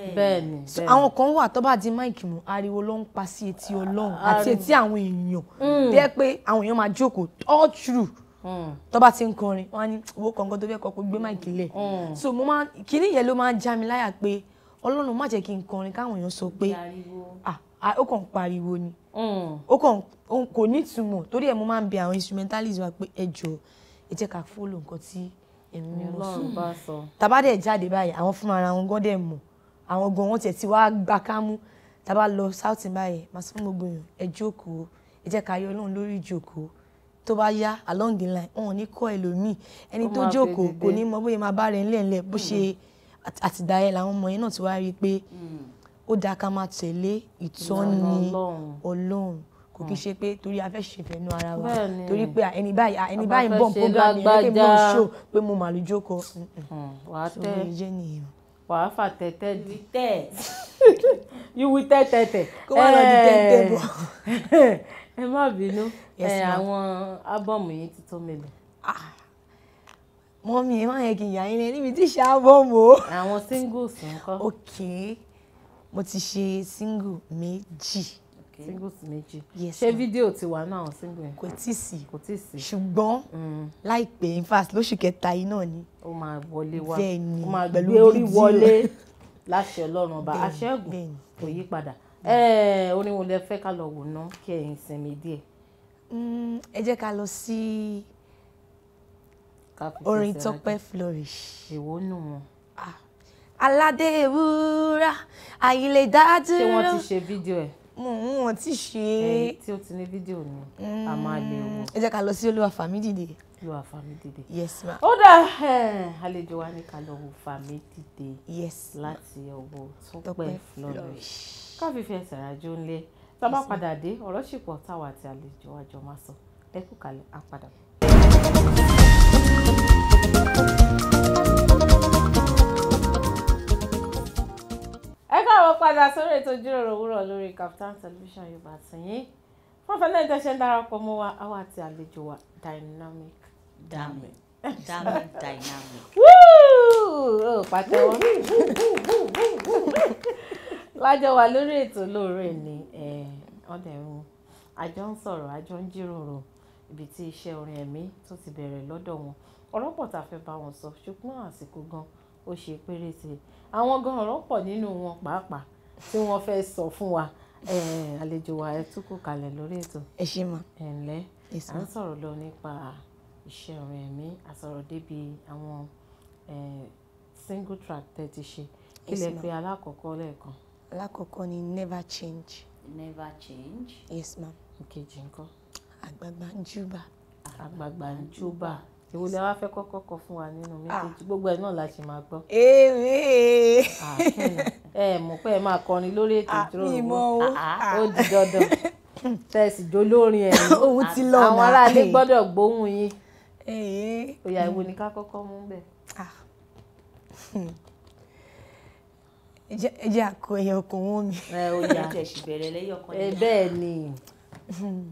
àwọn kan wà tó bá di máìkì mú ariwo ló ń pa sí etí ọlọ́run ah, àti etí àwọn èèyàn mm. bí pé àwọn èèyàn máa jókòó all true mm. tó bá ti ń kọrin wọn á ní owó kankan tó fẹ́ kọ pé gbé máìkì lẹ̀ so mo máa kíní yẹn ló máa ń já mi láyà pé ọlọ́run má jẹ́ kí n kọrin káwọn èèyàn sọ pé ah, ó kàn ń pariwo ni ó kàn kò nítumọ̀ torí ẹ̀ mo máa ń bi àwọn instrumentalist wa pé ẹ jọ̀ọ́ ẹ jẹ́ ká fọ́lọ̀ nǹkan tí èmi tàbá dẹ̀ jáde báyìí àwọn fúnra ara wọn gọ́dẹ̀ mọ̀ àwọn gan wọn tiẹ̀ ti wá gba kámú tàbá lọ south báyìí màá sọ fún gbogbo èèyàn ẹ jókòó ẹ jẹ́ ká yọ Ọlọ́run lórí ìjókòó tó bá yá along the line wọn ò ní kọ́ ẹlòmíì ẹni tó jókòó kò ní mọ bóyá máa bá rẹ̀ ńlẹ̀ bó hmm. ṣe àtìgbà yẹn làwọn ọmọ yẹn náà ti wá rí i pé hmm. ó dáa ká máa tẹ̀lé ìtọ́ni Ọlọ́run kò kí ṣe pé torí a fẹ́ ṣe fẹ́nu ara wa torí pé ẹni báyìí ẹni báyìí ń bọ̀ program yẹn pé mo ṣó pé mo mà ló jókòó mm, so mo lè jẹ́ nìyẹn. wàá fà tẹ́tẹ́ di tẹ́ yíwú tẹ́tẹ́tẹ́ kó wà lọ di tẹ́tẹ́ eh. bọ̀. *laughs* ẹ má bínú eh, àwọn ábọ̀mù yìí ti tó mélòó ah. mọ́mí ẹ má yẹ kí n yà yín níbi tí ṣe ábọ̀mù o. àwọn singles nǹkan. ok mo ti ṣe single méjì singles méjì ṣé fídíò ti wà náà single yẹn. kò tí sí kò tí sí. ṣùgbọ́n mm. láìpẹ́ in fact lóṣù kẹta yìí náà ni. ó máa wọlé wá bẹ́ẹ̀ ni ó máa gbé orí wọlé láṣẹ ọlọ́run ọba aṣẹ́gun kò yí padà mm. orin wo lẹ fẹ́ ká lọ wò ná kí ẹ̀yin sinmi díẹ̀. Mm, ẹ jẹ́ ká lọ sí orin Tọ́pẹ́ flourish. èwo nù wọn ah, aládé ewúrà àyìnlè dá dúró. ṣé wọ́n ti ṣe fídíò ẹ̀ mo ń wọn ti ṣe é. ẹyin tí ó ti ní fídíò ni a máa lè mm. wò. ẹ jẹ́ ká lọ sí olúwa fàmídìde. olúwa fàmídìde. yes ma. ó dà eh, àlejò wa ní ká lọ wo fàmídìde. yes ma láti ọwọ́ Tópẹ́ Flourish. ká fífi ẹsẹ̀ rájò ńlẹ̀ tá a bá padà dé ọ̀rọ̀ sì pọ̀ táwa àti àlejò wa jọ máa sọ lẹ́kùn kalẹ̀ á padà. thank you ẹ káàárọ̀ padà sórí ètò ìjíròrò òwúrọ̀ lórí Kaftan television yorùbá tìyín fún ọ̀fẹ́ náà ìtẹ́sẹ̀ ń darapọ̀ mọ́ wa àwa àti àlejò wa dynamic dami dami dynamic. ó *laughs* pàtẹ́wọ́ *laughs* lájọ wà lórí ètò lóòrè ni ọ̀dẹ̀rùn àjọ ń sọ̀rọ̀ àjọ ń jíròrò ibi tí iṣẹ́ orin ẹ̀mí tó ti bẹ̀rẹ̀ lọ́dọ̀ wọn ọ̀rọ̀ pọ̀ tá a fẹ́ bá wọn sọ ṣùgbọ́n àsìkò gan-an ó ṣe péréte àwọn gan-an rọ́pọ̀ nínú wọn pàápàá tí wọ́n fẹ́ sọ fún wa àlejò wa ẹ tún kù kalẹ̀ lórí ètò. ẹ ṣe mọ ẹ ǹlẹ́ à ń sọ̀rọ̀ lọ nípa iṣẹ́ orin ẹ̀mí àsọ̀rọ̀ débi àwọn single track tẹ́ ti ṣe kí lẹ pè alákọ̀ọ́kọ́ lẹ́ẹ̀kan. alákọ̀ọ́kọ́ ni never change. never change. yes ma'am. ìkejì ńkọ́. àgbàgbà ń júbà. àgbàgbà ń júbà èwo a wá fẹ́ kọ́kọ́ kọ fún wa nínú méjèèjì ah. gbogbo ẹ̀ náà la ṣì máa gbọ́. èrè ah, ẹ mọ̀ pé ẹ máa kọrin lórí ètò ah, ìdúró owó ó di dandan *laughs* tẹ̀sí jolórin ẹ̀ òun ti lọ náà àwọn aráàlú gbọ́dọ̀ gbóhùn yín òyà eh. ìwo ni ká kọ́kọ́ mú bẹ̀. ẹ jẹ́ àkọ ẹyọ ọkàn wọn mi. ẹ ò yà ẹ bẹ́ẹ̀ ni. Hmm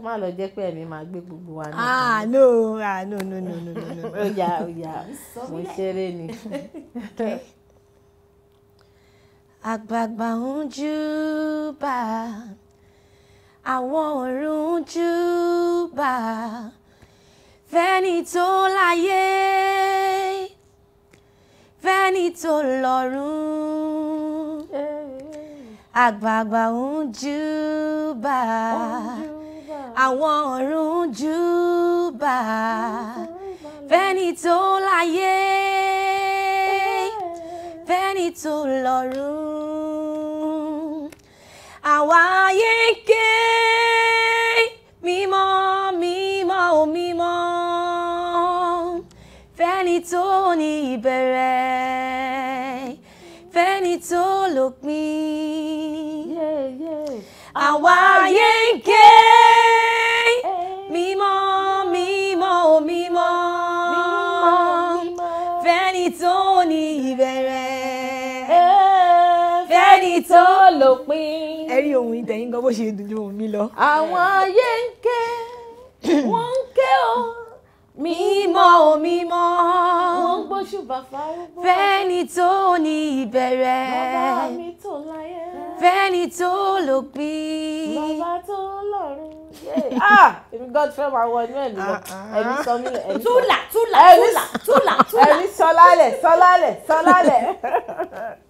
kó má lọ jẹ́ pé ẹ̀mí máa gbé gbogbo wa náà. ah no ah no no no no no. *laughs* ó yà ó yà mo ṣeré ni. *laughs* àgbààgbà ń jú bá àwọn ọ̀run ń jú bá fẹ́ni tó láyé fẹ́ni tó lọ́run àgbààgbà ń jú bá àwọn ọ̀run júbà fẹ́ni tó láyé fẹ́ni tó lọ́run àwa yín ké. pín. ẹ rí ohun ìtẹ̀yìn gan bó ṣe dùn ju ohun mi lọ. àwọn ayé ń ké *clears throat* wọ́n ń ké o mímọ́ o mímọ́. wọ́n ń gbóṣùbà fárúgbó. fẹ́ni tó ní ìbẹ̀rẹ̀. bàbá mi tó láyé. fẹ́ni tó lópin. bàbá tó lọ́run. *laughs* ah god fẹ́ máa wọ inú ẹ̀ lọ ah, ah, ah. ẹ̀mí sọ mí lẹ̀. tula, tula. túlà túlà. ẹ̀mí sọ lálẹ̀ sọ lálẹ̀ sọ lálẹ̀. *laughs*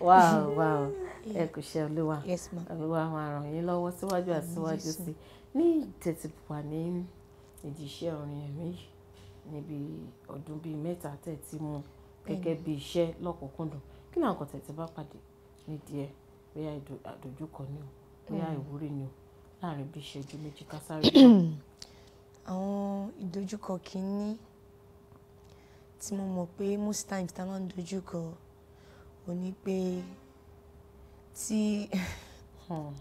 wow *laughs* wow ẹ kò ṣe olúwa olúwa máa ràn yín lọ́wọ́ síwájú àti síwájú sí ní ìtẹ̀tì wà ní ìjìṣẹ́ orin ẹ̀mí níbi ọdún bíi mẹ́ta tẹ̀ tí mú gẹ́gẹ́ bí iṣẹ́ lọ́kùnkúndùn kí ni àwọn kan tẹ̀tẹ̀ bá pàdé nídìí ẹ̀ bóyá àdójúkọ ni o bóyá hmm. ìwúrí ni o láàrin bí ìṣẹ́jú méjì ká sáré. *clears throat* àwọn ìdojúkọ kìíní tí mo mọ̀ pé most times tá a máa ń dojúkọ ó ní pé tí hmm.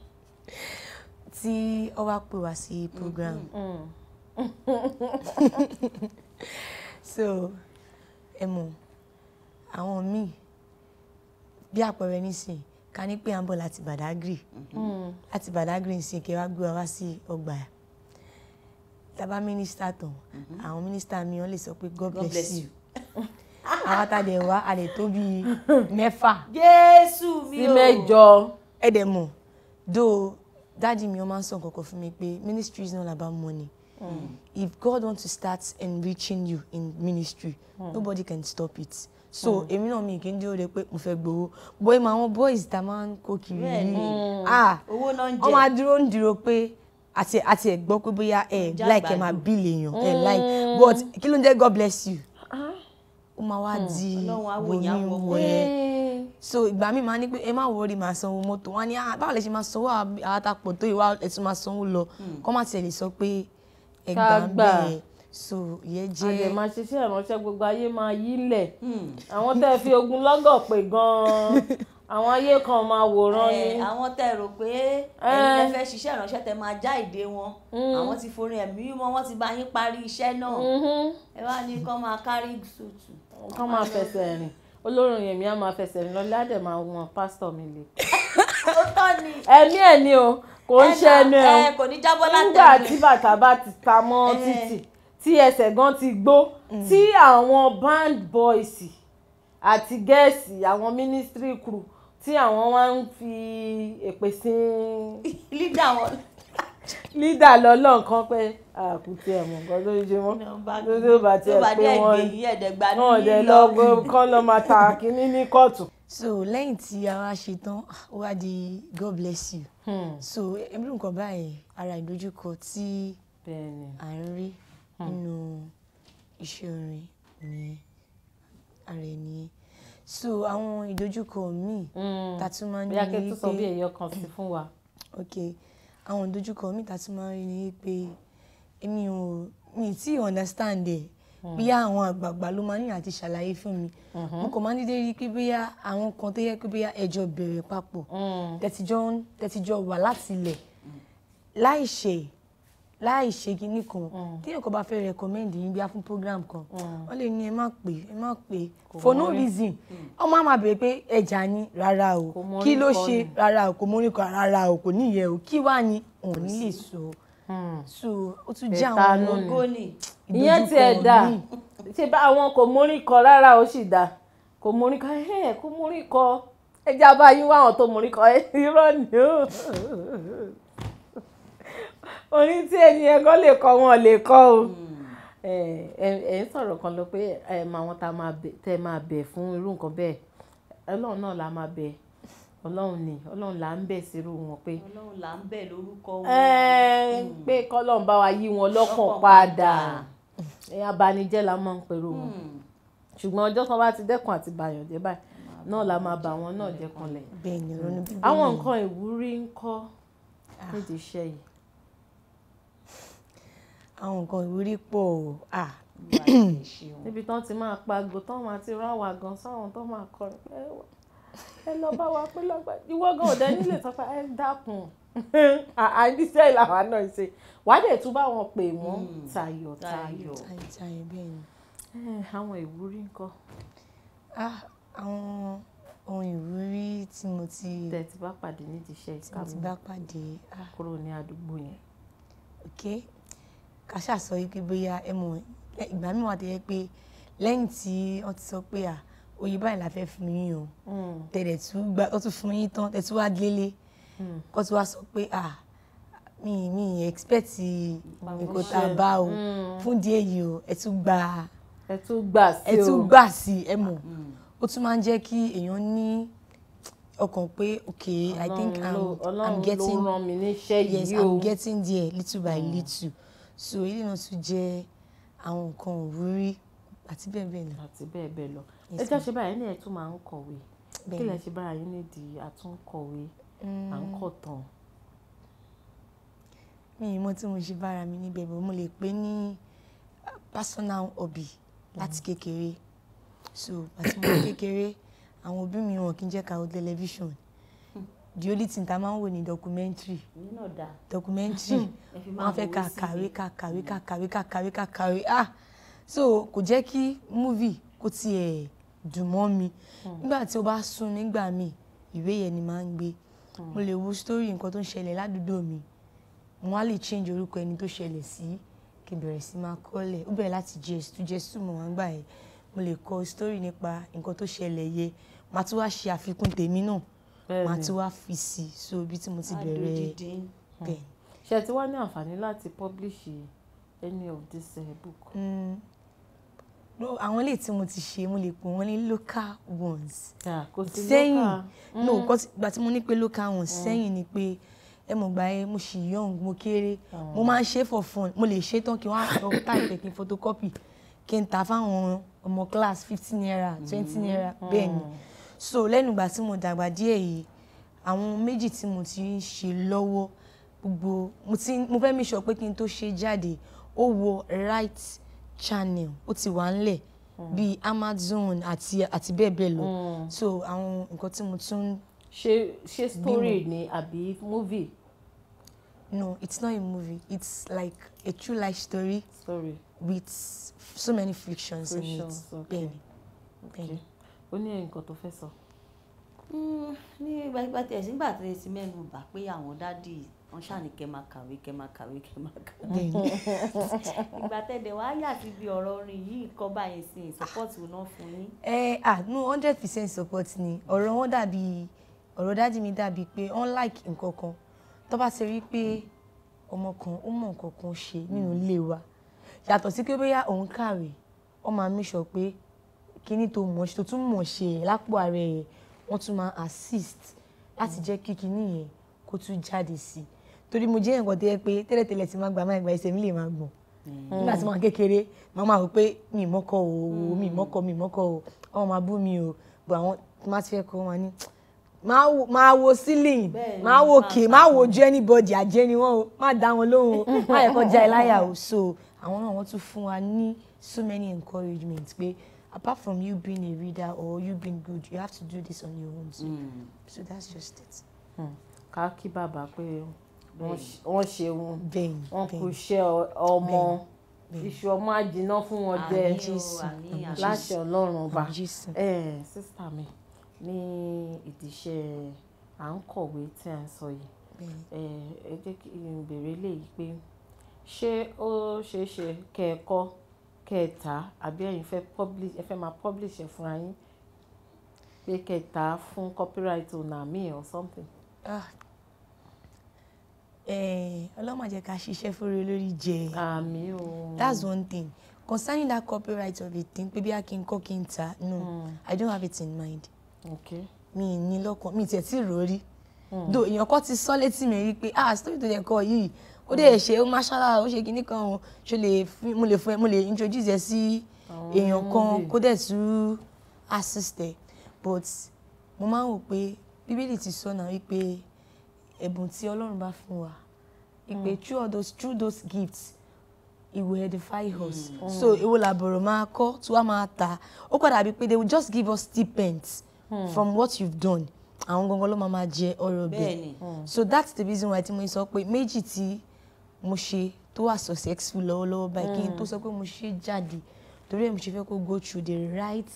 tí ó wá pè wá sí program mm-hmm. mm. *laughs* so ẹ mọ̀ àwọn míì bí àpẹẹrẹ nísìn ká ní pé à ń bọ̀ láti Badagry mm. láti Badagry nísìn kí wá gbé wa wá sí ọgbà tábà mínísítà tán mm-hmm. àwọn mínísítà mi wọn lè sọ pé God bless you àwa ta dẹ̀ wá a lè tó bíi mẹ́fà jésù mi ò sí mẹ́jọ ẹ dẹ̀ mọ̀ do dáàdi mi ó máa ń sọ nǹkan fún mi pé ministry is not about money mm. if God want to start enriching you in ministry mm. nobody can stop it so hmm. èmi náà mi kì í dúró de pé mo fẹ́ gbowó bóyá mà àwọn boys ta máa ń kó kiri yìí hmm. ah wọ́n máa dúró ń dúró pé àti àti ẹ̀ gbọ́ pé bóyá ẹ̀ like ẹ̀ máa bí lèèyàn ẹ̀ hmm. like but kí ló ń jẹ́ God bless you máa wá hmm. di wòyìnwó ẹ eh. so ìgbà mi máa ní pé ẹ má wọrí máa sanwó mọ́tò wọn ni ah, báwo lè ṣe máa sanwó àtàpọ̀ tó ìwà ẹ̀tún máa sanwó lọ hmm. kọ́ má tiẹ̀ lè sọ pé ẹ̀gbà ń bẹ̀rẹ̀ so ìyẹn jẹ́. àjẹ máa ṣiṣẹ́ ìránṣẹ́ gbogbo ayé máa yí lẹ̀ hmm. àwọn tẹ́ fi ogun lọ́gọ̀ pè gan-an *laughs* àwọn ayé kan máa wòran eh, ni. àwọn tẹ rò pé eh. ẹ̀yin lè fẹ́ ṣiṣẹ́ ìránṣẹ́ tẹ máa já ìdè wọn hmm. àwọn ti forin ẹ̀mí mọ́ wọ́n ti bá yín parí iṣẹ́ náà mm-hmm. ẹ wá ní kán máa kárí sùtù. kán máa fẹsẹ̀ rìn olórin yèmí á máa fẹsẹ̀ rìn lọ́lẹ́ àdè máa wọn pásítọ̀ mi lè. *laughs* ó tọ́ ni. ẹ̀mí ẹ̀ ni o kò ń ṣe ẹnu ẹ̀ o kò ní jábọ́ látẹ̀lé. nígbà tí bàtà bá ti ta mọ́ eh. títì tí ẹsẹ̀ gan ti gbó mm. tí àwọn band boys àti gẹ̀ẹ́sì àwọn ministry crew tí àwọn wá ń fi èpè sí *laughs* lídà wọn lídà lọ lọ́nkán pé àkùtì ẹ̀mọ̀ nǹkan tó ń ṣe wọ́n tó bá tiẹ̀ pé wọ́n wọ́n dẹ̀ lọ kán lọ máa ta kínní ní kóòtù. so lẹ́yìn tí a wá ṣe tán ó wá di god bless you hmm. so irú nǹkan báyìí ara ìdojúkọ tí à ń rí hmm. nínú iṣẹ́ orin nìyẹn ara ẹ̀ nìyẹn so àwọn ìdojúkọ míì hmm. tá a tún máa ń ní pé bí akẹ́tù sọ bí ẹ̀yọ kan sí fún wa. ok àwọn ìdojúkọ míì tá a tún máa ń ní pé èmi ò mi tí understand ẹ̀ hmm. bóyá àwọn àgbààgbà ló máa ń ní àti ṣàlàyé fún mi hmm. mo kàn máa ń dídé rí pé bóyá àwọn kan tó yẹ pé bóyá ẹjọ bẹ̀rẹ̀ papọ̀ tẹ̀tìjọ́ wà láti ilẹ̀ láì ṣe láì ṣe kinní kan mm. tí èkó bá fẹ́ recommend yín bí a fún program kan mm. wọ́n lè ní ẹ má pè ẹ má pè for no reason mm. ọmọ àmà bèrè pé ẹja ni rárá o kí ló ṣe rárá o kò mórí kan rárá o kò níyẹ o kí wàá ní òun ní lè sọ so ó tún jẹ́ àwọn ọgọ́nì ìdójúkọ mi. ṣe bá àwọn kò mórí kan rárá o sì dá kò mórí kan ẹ kò mórí kan ẹja bá yín wá àwọn tó mórí kan ẹ irọ́ ni o orin tí ẹni ẹ̀kọ́ lè kọ́ wọn lè kọ́ o hmm. ẹ ń sọ̀rọ̀ kan lọ pé ẹ mọ àwọn tá tẹ máa bẹ̀ fún irú nǹkan bẹ́ẹ̀ ọlọ́run náà la máa bẹ̀ ọlọ́run ni ọlọ́run là ń bẹ̀ sírú wọn pé ọlọ́run là ń bẹ̀ lórúkọ wọn hmm. pé kọ́lọ́run bá wa yí wọn lọ́kàn padà abanijẹ́ la máa ń pẹ̀rù wọn hmm. ṣùgbọ́n ọjọ́ kan bá ti dẹ́kun àti bàyàn jẹ́ báyìí náà la máa bà wọn náà jẹ́ kanlẹ̀ àwọn nǹkan ìwúrí ń kọ́ ah. nídìí iṣẹ́ yìí àwọn nǹkan ìwúrí pọ̀ o *clears throat* níbi tán ti máa pagbo tán máa ti rán wa gan sáwọn tó máa kọrin pé ẹ lọ bá wa pé lọ́gbà ìwọ gan ọ̀dẹ nílé sọ pé ẹ dákun àìníṣẹ́ *laughs* ìlànà náà ṣe wàá dẹ̀ tún bá wọn pè wọ́n hmm. tayọ̀tayọ̀ eh, àwọn ìwúrí nǹkan. àwọn ohun ìwúrí tí mo ti. tẹ̀ ti bá pàdé nídìí iṣẹ́ ìkàwé tí mo ti bá pàdé. kúrò ní àdúgbò yẹn. okay ká ṣàṣọ yìí pé bóyá ẹ mọ̀ ìgbà mi wà tó yẹ pé lẹ́yìn tí wọ́n ti sọ pé à oyè báyìí la fẹ́ fún yín o hmm. tẹ̀lẹ̀ tún gba ó tún fún yín tán tẹ̀tún wá délé kó hmm. tún wá sọ pé à mi mi expect nǹkan tá a bá o hmm. fún díẹ̀ yìí o ẹ tún gba ẹ tún gbà sí o ẹ tún gbà sí ẹ mọ̀ ó tún máa ń jẹ́ kí èèyàn ní ọkàn pé okay i think i'm, I'm getting yes i'm getting there little by little so ilé náà tún jẹ́ àwọn nǹkan òwúrí àti bẹ́ẹ̀ bẹ́ẹ̀ lọ. àti bẹ́ẹ̀ bẹ́ẹ̀ lọ ẹ jẹ́ ṣe báyìí ní ẹ̀ máa ń kọ̀wé kí lẹ ṣe bára yín nídìí àtúnkọ̀wé à ń mm. kọ̀ tán. mi ì mọ tí mo ṣe bára mi níbẹ̀ bó mo lè pè ní personal hobby láti mm. kékeré so àti mo kékeré àwọn òbí mi wọn kì í jẹ́ ká wo tẹlifíṣàn the only thing ta máa ń wò ní documentary documentary *laughs* wọn fẹ́ ká kàwé ká kàwé ká kàwé ká kàwé ká kàwé ah so kò jẹ́ kí movie kò tiẹ̀ dùn mọ́ mi hmm. nígbà tí o bá sùn nígbà míì ìwé yẹn ni máa ń gbé hmm. mo lè wo story nǹkan tó ń ṣẹlẹ̀ ládùúgbò mi wọn á lè change orúkọ ẹni tó ṣẹlẹ̀ sí kí n bẹ̀rẹ̀ sí máa kọ́lẹ̀ ó bẹ̀rẹ̀ láti jésù jésù mọ̀ wọ́n gbà yẹn mo lè kọ story nípa nǹkan tó ṣẹlẹ̀ yẹ màá tún wá ṣe àfikún tèmi náà màá ti wá fi sí i so ibi tí mo ti bẹ̀rẹ̀ hmm. bẹ́ẹ̀. ṣe ti wá ní àǹfààní láti publish any of this uh, book. Hmm. àwọn ilé tí mo ti ṣe mo lè pè wọ́n ní local ones sẹ́yìn no hmm. ìgbà tí mo ní pé local ones sẹ́yìn ni pé ẹ mo gbà yẹn mo ṣì young mo kéré mo máa ń ṣe for fun mo lè ṣe tán kí wọ́n á lọ type kí n photocopy kí n ta fáwọn ọmọ class fifteen naira twenty naira bẹ́ẹ̀ Mm so lẹ́nu ìgbà tí mo dàgbà díẹ̀ yìí àwọn méjì tí mo ti ń ṣe lọ́wọ́ gbogbo mo fẹ́ mi sọ pé kí n tó ṣe jáde ó wọ right channel ó ti wà ńlẹ̀ hmm. bíi Amazon àti àti bẹ́ẹ̀ bẹ́ẹ̀ lọ hmm. so àwọn nǹkan tí mo tún. ṣe ṣe story ni àbí movie. No, it's not a movie. It's like a true life story. Story. With so many frictions, frictions in it. Okay. Benny. Okay. Benny ó ní nǹkan tó fẹ́ sọ. Hmm, ní gbàgbà tí ẹ̀sìn gbà tẹ̀lé sí mẹ́nu bà pé àwọn dádì wọn ṣàní kẹ́ máa kàwé kẹ́ máa kàwé kẹ́ máa kàwé. *laughs* ìgbà tẹ̀dẹ̀ wá yà sí ibi ọ̀rọ̀ orin yìí kọ́ báyìí sí support wọn náà fún yín. ẹ ah no hundred percent support ni ọ̀rọ̀ wọn dàbí ọ̀rọ̀ dádì mi dàbí pé like nǹkan kan tó bá ṣe rí pé ọmọ kan ó mọ nǹkan kan ṣe nínú ilé wa yàtọ̀ sí pé bóyá òun kàwé ó máa sọ pé Kini tó mọ̀ ṣe tó tún mọ̀ ṣe lápò ààrẹ yẹn wọ́n assist láti je kí kíní yẹn kó tún jáde sí i torí mo jẹ́ nǹkan tó yẹ pé tẹ́lẹ̀tẹ́lẹ̀ ti máa gbà máa gbà ẹsẹ̀ mi lè máa gbọ̀n mm. nígbà tí mo wà kékeré màá máa rò mi moko, o mm. mi moko, mọ́kọ mi ì mọ́kọ o ọmọ máa bú mi o bọ̀ àwọn ma ti fẹ́ kọ́ wọn ní ma wo ceiling ma wo kè máa wo ju anybody àjẹ́ ni wọ́n o má dá wọn lóhùn o má yẹ kó já o so àwọn náà wọ́n tún fún wa ní so many encouragement pé apart from you being a reader or you being good you have to do this on your own too mm. so that's just it. Hmm. ká kí bàbá pé wọ́n ṣeun wọ́n kò ṣe ọmọ iṣu ọmọ àjìná fún wọn jẹ láṣẹ Ọlọ́run ọba sísá eh, mi ní ìdíṣẹ́ à ń kọ̀wé tí à ń sọ yìí eh, ẹ jẹ́ kí n béèrè léyìí pé ṣé ó ṣeé ṣe kẹ́ ẹ kọ́ kẹta àbí ẹ̀yin fẹ́ publish ẹ fẹ́ máa publish ẹ̀ fúnra yín pé kẹta fún copyright owner mi or something. Ah. ọlọ́mọ jẹ́ ká ṣiṣẹ́ fúnra lórí jẹ àmì o that's one thing concerning that copyright of a thing pé bí a kì í kọ́ kí n ta no mm. i don't have it in mind. okay. mi ní lọ́kàn mi tẹ̀ tí rò rí. do hmm. èèyàn kọ́ ti sọ létí mi rí pé ah story tó yẹ kọ́ yìí ó dẹ̀ ṣe ó máṣálà ó ṣe kinní kan o ṣe lè mo lè fún ẹ mo lè introduce ẹ sí èèyàn oh. kan kó dẹ̀ tún assist ẹ but mo máa ń wò pé bíbélì ti sọ náà wípé ẹ̀bùn tí ọlọ́run bá fún wa ìpè hmm. through all those through those gifts it will edify us hmm. Hmm. so èwo làbọ̀rọ̀ máa kọ́ tí wàá máa ta ó padà bíi pé they will just give us stipends from what you've done àwọn gangan ló máa máa jẹ ọrọ̀ bẹ́ẹ̀ so that's the reason why tí mo sọ pé méjì tí mo ṣe tó wà successful lọ́wọ́lọ́wọ́ báyìí kí n mm. tó sọ pé mo ṣe jáde torí ẹ̀ mo ṣe fẹ́ kó go through the right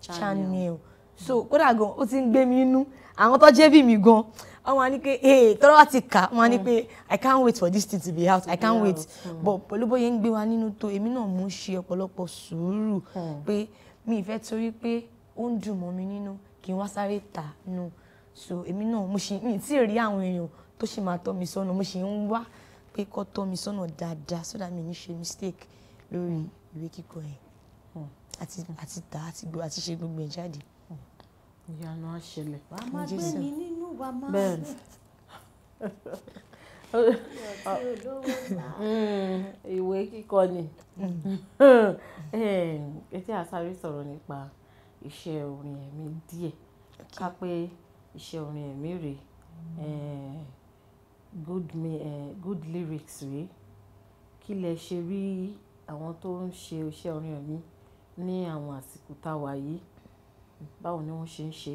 channel. so kódà gan ó ti ń gbé mi inú àwọn tó jẹ́ bí mi gan wọ́n wá ní pé ee tọ́lá ti kà wọ́n ní mm. pé i can't wait for this thing to be out i can't wait but pẹ̀lú bóyá ń gbé wa nínú tó èmi náà mú ṣe ọ̀pọ̀lọpọ̀ sùúrù mm. pé mi ìfẹ́ torí pé ó ń dùn mọ́ mi nínú kí n wá sáré tà nù so èmi náà mo ṣì mi ì tí ì rí àwọn èèyàn tó ṣì máa tọ́ mi sọ́nà mo ṣì ń wá pé kó tọ́ mi sọ́nà dáadáa so that mi ní ṣe mistake lórí ìwé kíkọ yẹn hmm. àti hmm. àti tà àti gbọ́ àti ṣe gbogbo ẹ̀ jáde. Hmm. ìyanu á ṣẹlẹ̀. wàá má gbé mi nínú wàá má. bẹ́ẹ̀ni ìwé kíkọ ni etí àsáré sọ̀rọ̀ nípa iṣẹ́ orin ẹ̀mí díẹ̀ ká pé iṣẹ́ orin ẹ̀mí rèé good, me uh, good lyrics rí. Kí lẹ ṣe rí àwọn tó ń ṣe iṣẹ́ orin ẹ̀mí ní àwọn àsìkò táwà yìí? Báwo ni wọ́n ṣe ń ṣe?